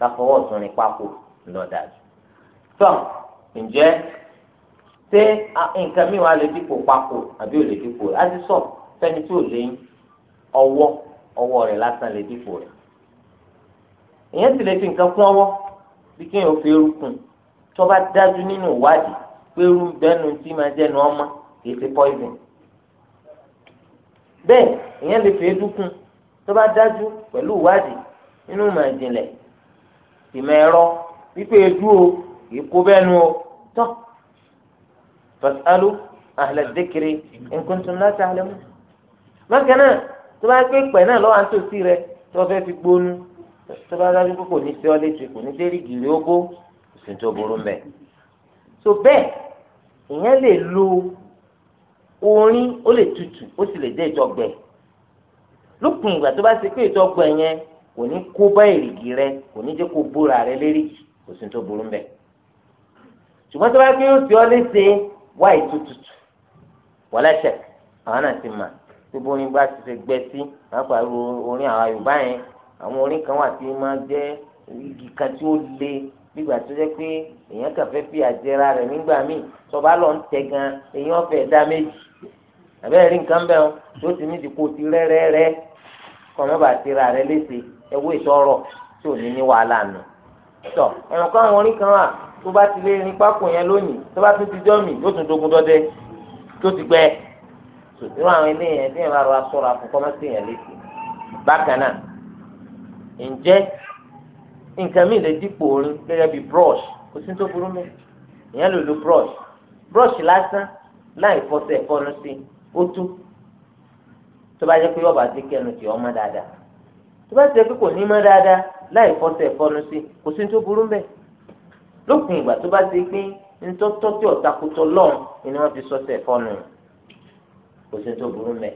ká fọwọ́ ọ̀tún rìn pákó lọ́dàjù. tọ́ ǹjẹ́ ṣé nǹkan mi wà lè dípò pákó àbí ò lè dípò rẹ̀ á ti sọ fẹ́ni tí ò léyìn ọwọ́ ọwọ́ rẹ̀ lásán lè dípò rẹ̀ èèyàn sì lè fi nǹkan kún ọwọ́ bí kéèyàn fi eru kùn tó bá dájú nínú ìwádìí pé eru bẹ́nu tí máa jẹ́ nu ọmọ kì ṣe poison bẹ́ẹ̀ èèyàn lè fi èédú kún tó bá dájú pẹ̀lú ìwádìí nínú ìmọ̀ ìjìnlẹ̀ ìmọ̀ ẹ̀rọ wípé èédú o kì í kó bẹ́nu o tán fasalu ahlẹ̀ dékèrè nkuntun láti ahlẹ̀ mú bákan náà tó bá pé pẹ̀ náà lọ́wọ́ àtòsí rẹ tó fẹ́ fi gbónú tó bá dájú pé kò ní sí ọ létí kò ní dérí gìrì ógó kò sì tó burú mẹ so bẹ́ẹ̀ èèyàn lè lo orin ó lè tutù ó sì lè jẹ ìjọgbẹ lópin ìgbà tó bá ṣe pé ìjọgbẹ yẹn kò ní kó bá èrìgì rẹ kò ní jẹ kó bóra rẹ lérí kò tó burú mẹ ṣùgbọ́n tó bá pé ọ léṣe wá ìtutù wọlé àwọn náà ti mà gbogbo orin bá ti ṣe gbẹ sí wọn orin àwọn Yorùbá yẹn àwọn orin kan wà tí máa jẹ́ igi kan tí ó le nígbà tó jẹ́ pé èèyàn kàn fẹ́ fi àjẹra rẹ̀ nígbà míì tọba lọ ń tẹ gan èèyàn fẹ́ dá méjì àbẹ́rẹ́ rí nǹkan bẹ́ẹ̀ o tó ti ní ìdìpọ̀ ti rẹ́rẹ́rẹ́ kọ́ mọ́ bá ti ra rẹ léṣe ẹwọ́ ìtọ́rọ̀ tí ò ní ní wàhálà nù. tọ ẹ̀rùn kan àwọn orin kan wà tó bá ti lé ní pákó yẹn lónìí tó bá tún ti jọ́ mi yóò tún dogun dọ́dẹ tó ti gbẹ. sòtúrò àwọn eléyẹn tí yẹn bá ǹjẹ́ nǹkan mi lè dípò orin gẹ́gẹ́ bí brush kò sí tó burú mẹ́ ìyẹn lè lo brush brush lásán láì fọṣẹ ẹ̀fọ́nu sí ó tú tó bá jẹ́ pé ọba ti kẹnu tì ọmọ dáadáa tó bá ti jẹ́ pé kò ní mọ́ dáadáa láì fọṣẹ ẹ̀fọ́nu sí kò sí tó burú mẹ́ lópin ìgbà tó bá ti pín ntọ́tọ́ tí ọ̀takùtọ̀ lọ́n ni wọ́n fi sọ́sẹ̀ fọ́nù kò sí tó burú mẹ́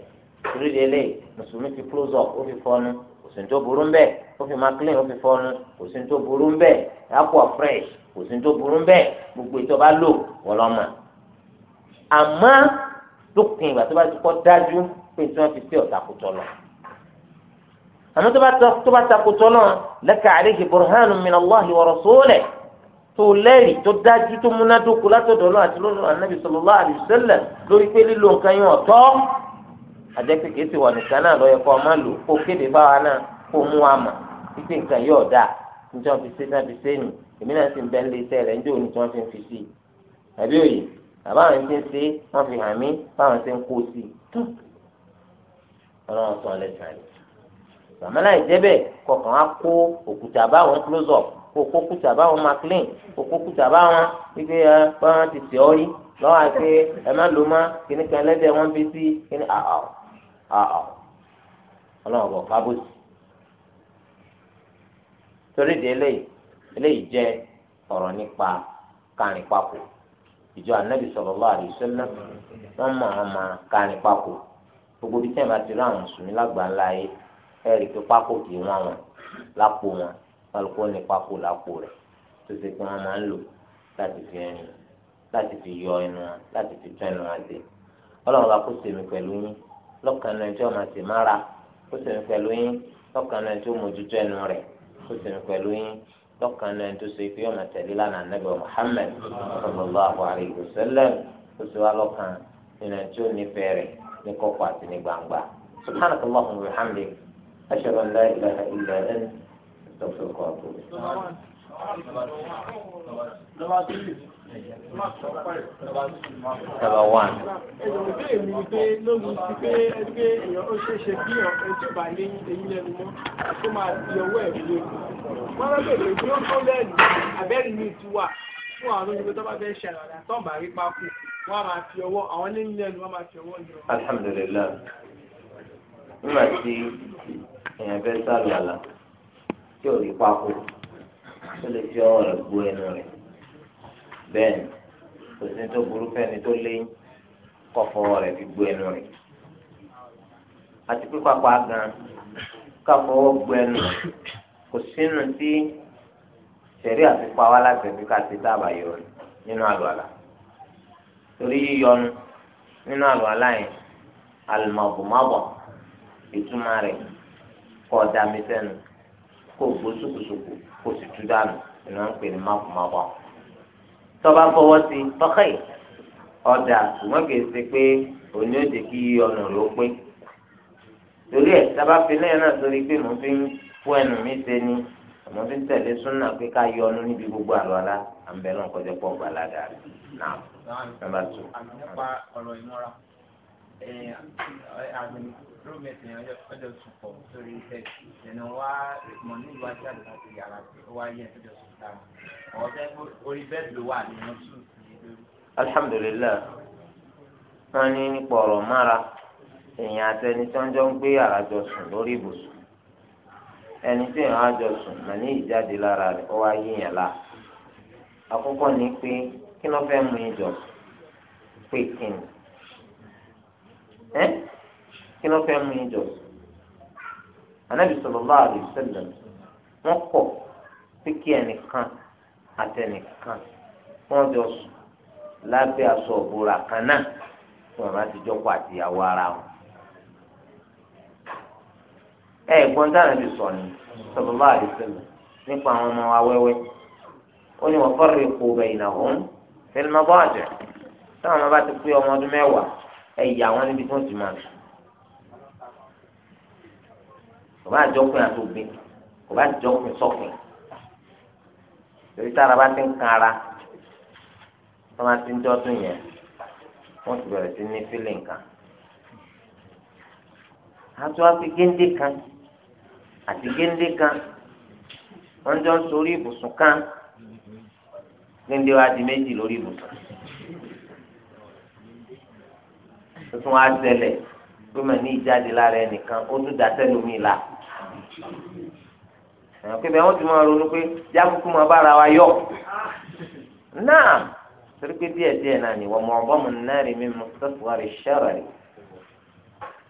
mùsùlùmí ti close up ó fi fọ́nù sí tó burú ń bẹ́ẹ̀ ó fi máa clean ó fi fọnu kò sí tó burú ń bẹ́ẹ̀ aqua fresh kò sí tó burú ń bẹ́ẹ̀ gbogbo ètò bá lò wọ́n lọ́ mọ̀ àmọ́ lópin ìgbà tó bá ti kọ́ dájú pé tí wọ́n ti pé ọ̀tàkùtọ̀ lọ àmọ́ tó bá takùtọ̀ náà laka alayhi burhanun min Allahi wa rasulihi tó lẹ́rìí tó dájú tó múnádóko látọ̀dọ̀ náà àti lọ́dọ̀ àjẹpẹ kìí ti wọ nìkan náà lọ yẹ kó ọmọ lò kó kéde fáwa náà kó mú wa mà títí nǹkan yóò dà níjọ fi ṣe náà fi ṣe nì èmi náà sì ń bẹ lé iṣẹ́ rẹ̀ níjọ ní tí wọn fi ń fi sí i àbí òye bàbá àwọn ti ń ṣe wọn fi hàn mí báwọn ti ń kó sí i tó Ọlọ́run sọ lẹsàn án bàmá láì jẹbẹ kọkàn á kó òkúta báwọn close up kó kókúta báwọn maclean kó kókúta báwọn wípé báwọn ti ṣe ọ rí lọ́wọ́ àti ẹ má lò mọ́ kíníkan ẹlẹ́dẹ̀ wọn fi sí kíní àhàó àà ah, ah. ọlọ́run bọ̀ kábòsì torí de eléyìí eléyìí jẹ́ ọ̀rọ̀ nípa kárin papò ìjọ anabi sallallahu alaihi wasallam wọn mọ àwọn ọmọ kárin papò gbogbo bí tẹ́ẹ̀mà ti rí àwọn mùsùlùmí lágbàńlá yìí ẹ̀rí pé papò kì í wọ́n wọn lápò wọn kálukú ní papò lápò rẹ̀ tó ṣe pé wọ́n máa ń lò láti fi ẹnu láti fi yọ ẹnu wọn láti fi tún ẹnu wọn dé ọlọ́run bá kó sèmi pẹ̀lú yín lọ́kàn náà tí ọmọ sì máa ra ó sì ń pẹ̀lú yín lọ́kàn náà tí ó mójútó ẹnu rẹ̀ ó sì ń pẹ̀lú yín lọ́kàn náà tó so ìpè ọmọ tẹ̀lé lánàá Ànábì Muhammad sallallahu alayhi wa sallam ó sì wá lọ́kàn nínú tí ó nífẹ̀ẹ́ rẹ̀ ní kọ̀kọ̀ àti ní gbangba subhanaka Allahumma wa bihamdik ashhadu an illa anta astaghfiruka wa atubu Tẹ́lá wán. Ìbéèrè mi pé lónìí ti pé ẹgbẹ́ èèyàn ó ṣeé ṣe bí ọ̀pẹ bá lé eyín lẹ́nu mọ́ tó máa di ọwọ́ ẹ̀ lé. Wọ́n lọ bèèrè bí ó tó lẹ́nu abẹ́rì mi ti fún àwọn olóyìnbó tó bá fẹ́ ṣe àràdà tó bá rí pákó. Wọ́n á máa fi ọwọ́ àwọn lẹ́yìn lẹ́nu wọ́n máa fi ọwọ́ yọ. Alhamdulilayi, nígbà tí èèyàn fẹ́ sálù àlà tí ò rí pákó, ó lè fi ọwọ́ rẹ̀ gbó ẹnu rẹ̀ bẹ́ẹ̀ kò sí tó burú fẹ́ni tó lé kọ́fọ́ rẹ̀ fi gbó ẹnu rẹ̀ àti pípapọ̀ àgàn káfọwọ́ gbó ẹnu kò sínú tí sẹ̀rí àfipá wa láti ẹ̀fí ká ti dábàá yọ nínú àlùwàlà torí yíyọnu nínú àlùwàlà yẹn àlùmọ̀bùmọ̀bọ̀ ìtumọ̀ rẹ̀ kọ́ ọ̀dà mi sẹ́nu kó gbó sùkùsùkù kó sì tú dànù ìnáwó ń pè ní mọ̀bùmọ̀bọ̀ tọ́ba fọwọ́ sí tọ́kẹ́ yìí ọ̀dà ṣùgbọ́n kì í ṣe pé òní ó jẹ́ kí ọ̀nà rẹ̀ ó pé torí ẹ̀ sábà fi lẹ́yìn náà sórí pé mo fi ń kó ẹnu mi ṣe ni mo fi ń tẹ̀lé súnà pé ká yọ ọnu níbi gbogbo àlọ́ la à ń náà kọjá pọ̀ gbàlagà náà nàbà tó. nípa ọ̀rọ̀ ìmọ̀ra Eh, roommate yẹn ọjọ́ sùpọ̀ sórí iṣẹ́ ẹ̀nà wá mọ̀ ní ìlú ajá láti yàrá tí ó wá yẹ ọjọ́ sùpọ̀ ọ̀sẹ̀ orí bẹ́ẹ̀ ló wà nínú sùn alhamdulilayi wọn ní nípa ọ̀rọ̀ mára èèyàn àti tí wọn jọ ń gbé yàrá jọ sùn lórí ibùsùn ẹni tí èèyàn á sùn mà ní ìjáde lára rẹ̀ ó wá yíyàn la àkọ́kọ́ ni pé kí ló fẹ́ mú yín pé kíni ẹ́ eh? kí ló fẹ́ mú yín jọ anabi sallallahu alaihi wasallam wọn kọ pé kí ẹnìkan àtẹnìkan wọn jọ sùn lábẹ́ aṣọ òbúra kan náà tí wọn bá ti jọkọ àtìyàwó ara wọn ẹ gbọ́n tí anabi sọ ni sallallahu alaihi wasallam nípa àwọn ọmọ wa wẹ́wẹ́ ó ní wa farriqu bainahum fil madaji' táwọn ọmọ bá ti pé ọmọ ọdún mẹ́wàá ẹ yà wọn níbi tí wọn ti máa sùn kò bá jọkùn àtògbìn kò bá jọkùn sọkùn torí tára bá ti ń kan ara wọn bá ti ń dọdún yẹn wọn ti bẹ̀rẹ̀ sí ní fílìn kan àti wọn fi kan Ati géńdé kan wọn jọ ń sorí ibùsùn kan géńdé wa di méjì lórí ibùsùn. tuntun wa ṣẹlẹ̀ pé mà ní ìjáde lára ẹnìkan ó tún dá sẹ́lómi la àwọn pé bẹ́ẹ̀ wọ́n ti máa ronú pé jákùkù máa bára wa yọ náà torí pé díẹ̀ díẹ̀ náà ni wọ́n mọ ọgbọ́n mu náà rí mi mọ sọ́fù àrí ṣẹ́rọ̀ rí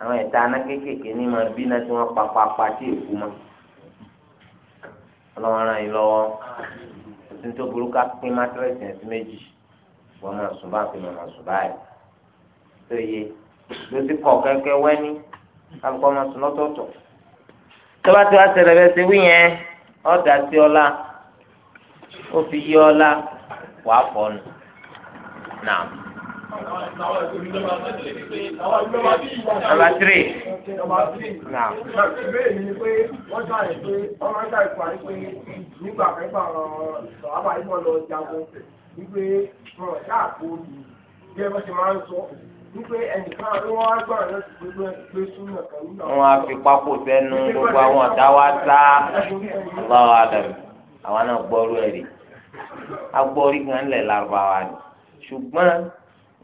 àwọn ẹ̀ta aná kéékèèké ní máa bí náà tí wọ́n papọ̀ apàtì èkú mọ́ ọlọ́run ara yìí lọ́wọ́ tuntun burúkú pín mátírẹ́sì ẹ̀ sí méjì wọ́n máa sùn báyìí wọ́n máa sùn báyìí tó yẹ lọsí kọ kẹkẹ wẹni kálukọ máa sùn lọ́tọ̀ọ̀tọ̀ tọ́ba tí wàá ṣẹlẹ̀ bẹ́ẹ̀ ṣe wí yẹn ọ̀dà sí ọlá ó fi yí ọlá wàá fọ́nù náà. Nàbà tírì. Nà. Ìbéèrè ni pé wọ́n ṣàlàyé pé ọmọ ẹ̀ka ìfà ni pé nígbà kẹfà sọ̀rọ̀ àbáyé wọn lọ jagun wípé ṣáà kó bí ẹ bá ṣe máa ń sọ wọ́n á fi pákó sẹ́nu gbogbo àwọn ọ̀tá wa sá lọ́wọ́ àdàbí àwọn náà gbọ́rú ẹ̀rí agbọ́rí gan lẹ̀ lárúbáwá ni ṣùgbọ́n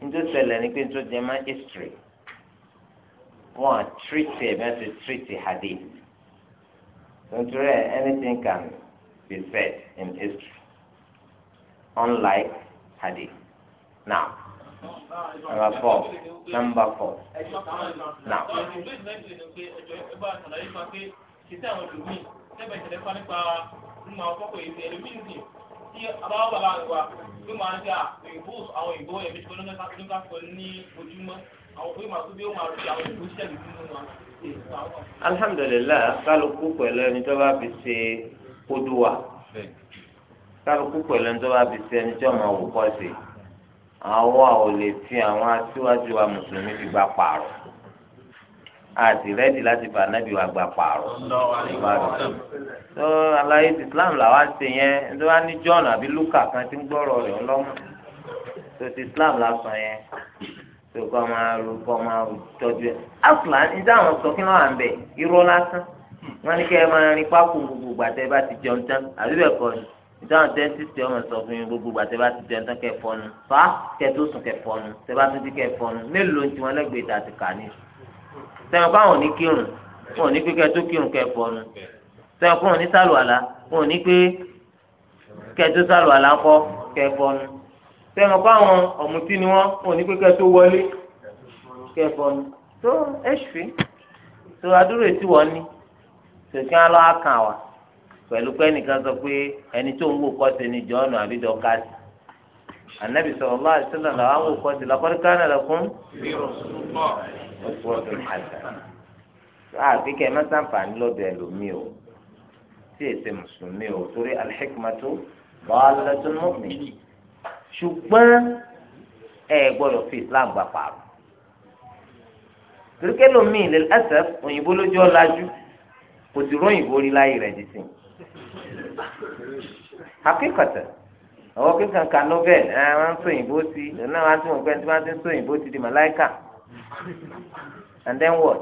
nítòsẹ̀lẹ̀ ni pé nítorí jẹ́mọ́ history wọ́n á ẹ̀ mẹ́tò tírìtì hadith nítorí anything can be said in history unlike hadith now number four number four now. kìtẹ́ àwọn ẹlòmíì tẹ́bẹ̀ ìṣẹ̀lẹ̀ fún nípa nínú àwọn kọ́kọ́ èyí ẹlòmíì sì tí abáwọ́ bàbá rẹ̀ wà ló máa ń ṣe alhamdulilayi kálukú pẹ̀lú ẹni tó bá fi ṣe kódùwà kálukú pẹ̀lú ẹni tó bá fi ṣe ẹni tí ọmọ òwò kọ́ sí i àwa ò lè fi àwọn aṣíwájú wa mùsùlùmí fi gbà pààrọ̀ àti rẹ́dì láti bá anábì wa gbà pààrọ̀ tó àlàyé islam làwa ṣe yẹn tó wá ní john àbí luka kan tí ń gbọ́rọ̀ rẹ̀ ńlọ́mú tó ti islam lásán yẹn tó kọ́ máa ro kọ́ máa tọ́jú ẹ̀ asùlà ní táwọn sọ kí wọ́n à ń bẹ̀ irọ́ lásán wọ́n ní kẹ́ ẹ máa rin pákó gbogbo gbàtẹ́ bá ti jẹun tán àbí bẹ́ẹ̀ kọ́ ni ìdáhùn dentist ọmọ sọ fún yín gbogbo gbà tẹ bá ti dẹ́ntán kẹ fọnu fa kẹ tó sùn kẹ fọnu tẹ bá tún ti kẹ fọnu mélòó ti wọn lẹ́gbẹ̀ẹ́ ìta ti kà ní. sẹ́wọ̀n báwọn ò ní kírun wọn ò ní pé kẹ tó kírun kẹ fọnu sẹ́wọ̀n fún wọn ní sálù àlá wọn ò ní pé kẹ tó sálù àlá kọ kẹ fọnu sẹ́wọ̀n báwọn ọ̀mùtí ni wọn wọn ò ní pé kẹ tó wọlé kẹ fọnu tó ẹ̀ṣin tó adúrò ètí wọn ní tòkí pẹ̀lú pé ẹnìkan sọ pé ẹni tó ń wò kọ́sì ni jọ́ọ̀nù àbí dọ́kásì anabi sallallahu alaihi wasallam làwọn wò kọ́sì laqad kana lakum uswatun hasanah àbí kẹ́ ẹ má sàǹfààní lọ́dọ̀ ẹlòmíì o tí èsì mùsùlùmí o torí alhikmatu dalatul mu'min ṣùgbọ́n ẹ gbọ́dọ̀ fi islam gbà pààrọ̀ torí kẹ́lòmíì lil asaf òyìnbó lójú ọ̀làjú kò sí róyìnbó rí láyé rẹ̀ dì akíkọ̀tẹ̀ ọwọ́ kíkan ka novel ẹ wọ́n ń sòyìnbó sí lọ́nà wọn ti mọ̀ pé tí wọ́n ti ń sòyìnbó ti di màláìkà and then what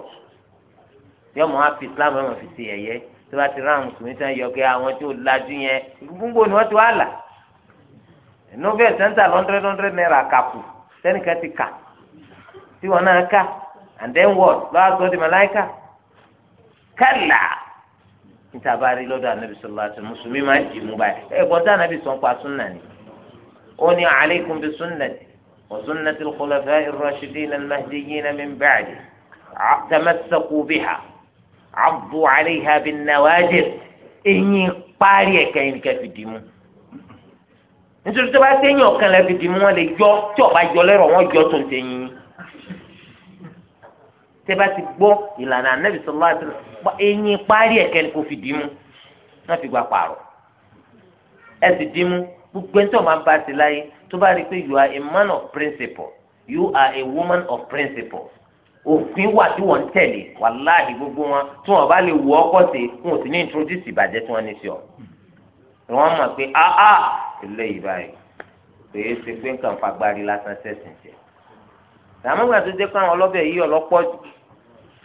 yọ mọ àfi Islam ẹ mọ fi ṣe ẹyẹ tí wọ́n ti ráhùn sùn níta yọ kí àwọn tí ò lajú yẹn gbogbo ni wọ́n ti wá là novel sẹ́ńtà lọ́ndrẹ́d lọ́ndrẹ́d náírà kàpù sẹ́nìkan ti kà tí wọ́n náà kà and then what lọ́wọ́ sọ di màláìkà kẹ́là níta bá rí lọ́dọ̀ anabi sọlá àti mùsùlùmí máa ń jì mú báyìí ẹ gbọ́n tí anabi sọ ń pa súnà ni ó ní aleikum bi sunnati wa sunnati al-khulafa'i ar-rashidin al-mahdiyyin min ba'di tamassaku biha abdu alayha bin nawajir eyín parí ẹ̀ka yín ká fi dì mú nítorí tó bá sẹ́yìn ọ̀kan lẹ́ fi dì mú wọn lè jọ tí ọba jọ wọn jọ tó ń tẹ̀yìn yín tẹ́bá ti gbọ́ ìlànà anabi sọlá àti ẹ̀yìn parí ẹ̀kẹ́ ni kò fi dìímú wọ́n fi gba pààrọ̀ ẹ sì dìímú gbogbo ẹni máa bá ti láyé tó bá rí i pé you are a man of principle you are a woman of principle òfin wà tí wọ́n ń tẹ̀lé wàláhì gbogbo wọn tí wọ́n bá lè wọ ọkọ̀ sí wọn ò sì ní introduce ìbàjẹ́ tí wọ́n ní sí ọ. wọ́n mọ̀ pé ah. ah eléyìí báyìí pé é ṣe pé nǹkan fagbárí lásán ṣẹ̀sìn jẹ́. ìdààmú ìgbà tó dé pé àwọn ọlọ́bẹ̀ yìí ọlọ́pọ̀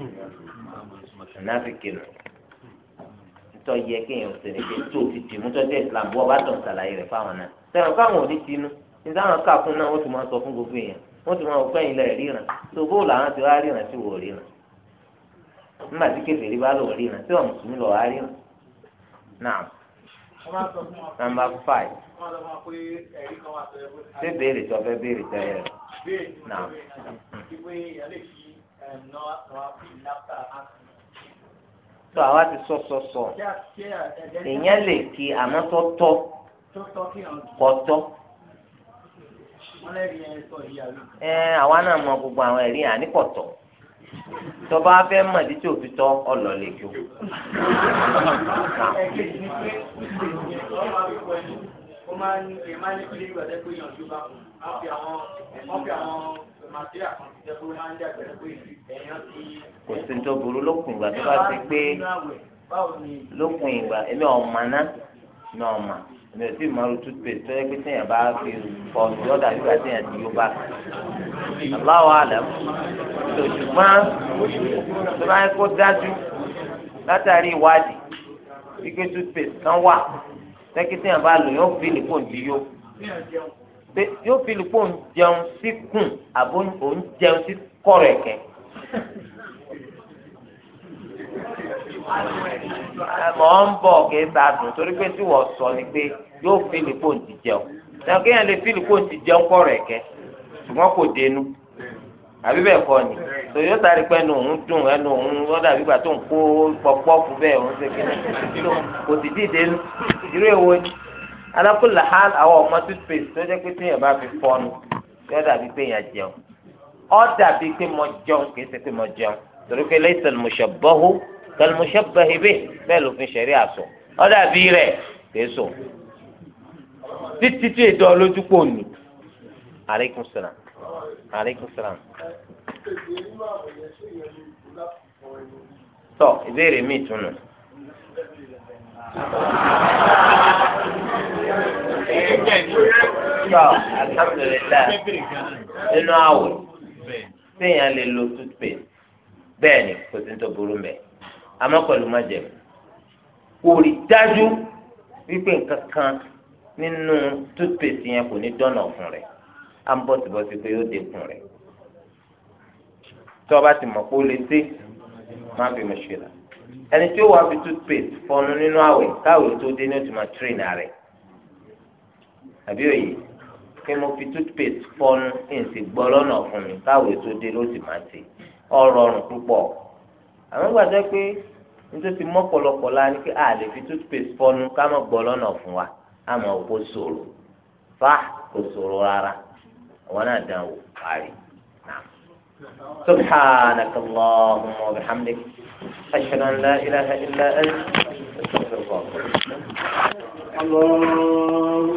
mùnàfíkì nù tọ́ kéèyàn ṣe ni tó ti dì mú tọ́jú islam bọ́ bá tàn ṣàlàyé rẹ̀ fáwọn náà sẹ́wọ̀n ò ní wọn kà fún náà wọ́n ti máa fún gbogbo èèyàn wọ́n ti máa wọ pẹ́yìn lẹ̀ ríran tó bó làwọn ti wá ríran tí wò ríran nígbà tí kèfèrí bá lò ríran tí wọ́n mùsùlùmí lọ wá ríran náà nàmbà fáì ṣé náà. Um, tó àwa ti sọ sọ sọ uh, èèyàn lè kí àmọ́ tó tọ́ kọ́ tọ́ ẹ àwa náà mọ gbogbo àwọn ẹ̀rí àníkọ̀tọ̀ tọba fẹ́ mọ̀ ní tí òfin tọ́ ọ̀lọ́ lè kí ó máa ń ní ìmánìkì nígbà tẹ́ pé yànjú bá wọ́n fi àwọn kò sí tó burú lókun ìgbà tó bá ti pé lókun ìgbà èmi ọ̀ma ná ní ọ̀ma èmi ò tí ì mọ̀rú toothpaste tó yẹ pé téèyàn bá fi pọ̀ sí ọ̀dà nígbà téèyàn ti yó bá aláwọ̀ àlẹ́mú tó ṣùgbọ́n tó bá yẹ kó dájú látàrí ìwádìí wípé toothpaste kan wà tẹ́kí téèyàn bá lò yóò fi nìkan ti yó pé yóò fi lùpọ̀ ń jẹun sí kùn àbó ń jẹun sí kọ̀rọ̀ ẹ̀kẹ́. mọ̀ ń bọ̀ kí ẹ sáà dùn torí pé tí wọ́n sọ ni pé yóò fi lùpọ̀ ń ti jẹun náà kéèyàn lè fi lùpọ̀ ń ti jẹun kọ̀rọ̀ ẹ̀kẹ́ ṣùgbọ́n kò dénú àbí bẹ́ẹ̀ kọ́ ni tòyó sáré pé ẹnu òun dùn ẹnu òun lọ́dà bígbà tó ń kó pọpọ́ọ̀fù bẹ́ẹ̀ òun ṣe kí ni kò sì dìde nù ìrú èwo ni alákòlá hàn àwọn ọmọ toothpaste tó jẹ́ pé téèyàn bá fi fọnu yóò dàbí pé èèyàn jẹun ó dàbí pé mo jẹun kì í ṣe pé mo jẹun torí pé laysa al-mushabbahu kal-mushabbahi bihi bẹ́ẹ̀ ló fi ṣẹ̀rí àṣọ ó dàbí rẹ̀ kì í sùn títí tí ètò ọlójúpọ̀ ni aleykum salaam aleykum salaam tọ ìbéèrè mi tún nù tọ́ alhamdulilayi nínú àwẹ̀ téèyàn lè lo toothpaste bẹ́ẹ̀ ni kò sí tó burú mẹ́ àmọ́ pẹ̀lú májẹ̀mú kò rí dájú wípé nǹkan kan nínú toothpaste yẹn kò ní dọ́nà ọ̀fun rẹ̀ á ń bọ̀ síbọ̀ sí pé yóò dínkù rẹ̀ tọ́ bá ti mọ̀ pé ó lè ṣe máa fi mọ̀ ṣe là ẹni tí ó wà fi toothpaste fọnu nínú àwẹ̀ káwẹ̀ tó dé ní òtún máa train rẹ̀ àbí òye kí mo fi toothpaste fọnu kí n sì gbọ́ lọ́nà fún mi káwẹ̀ tó dé ló sì máa tè ọrọrùn púpọ̀ àwọn gbàdá pé nítorí ti la ni pé a lè fi toothpaste fọnu ká má gbọ́ lọ́nà fún wa àmọ́ kò ṣòro fa kò ṣòro rárá àwọn náà dán wò parí. سبحانك اللهم وبحمدك أشهد أن لا إله إلا أنت أستغفر الله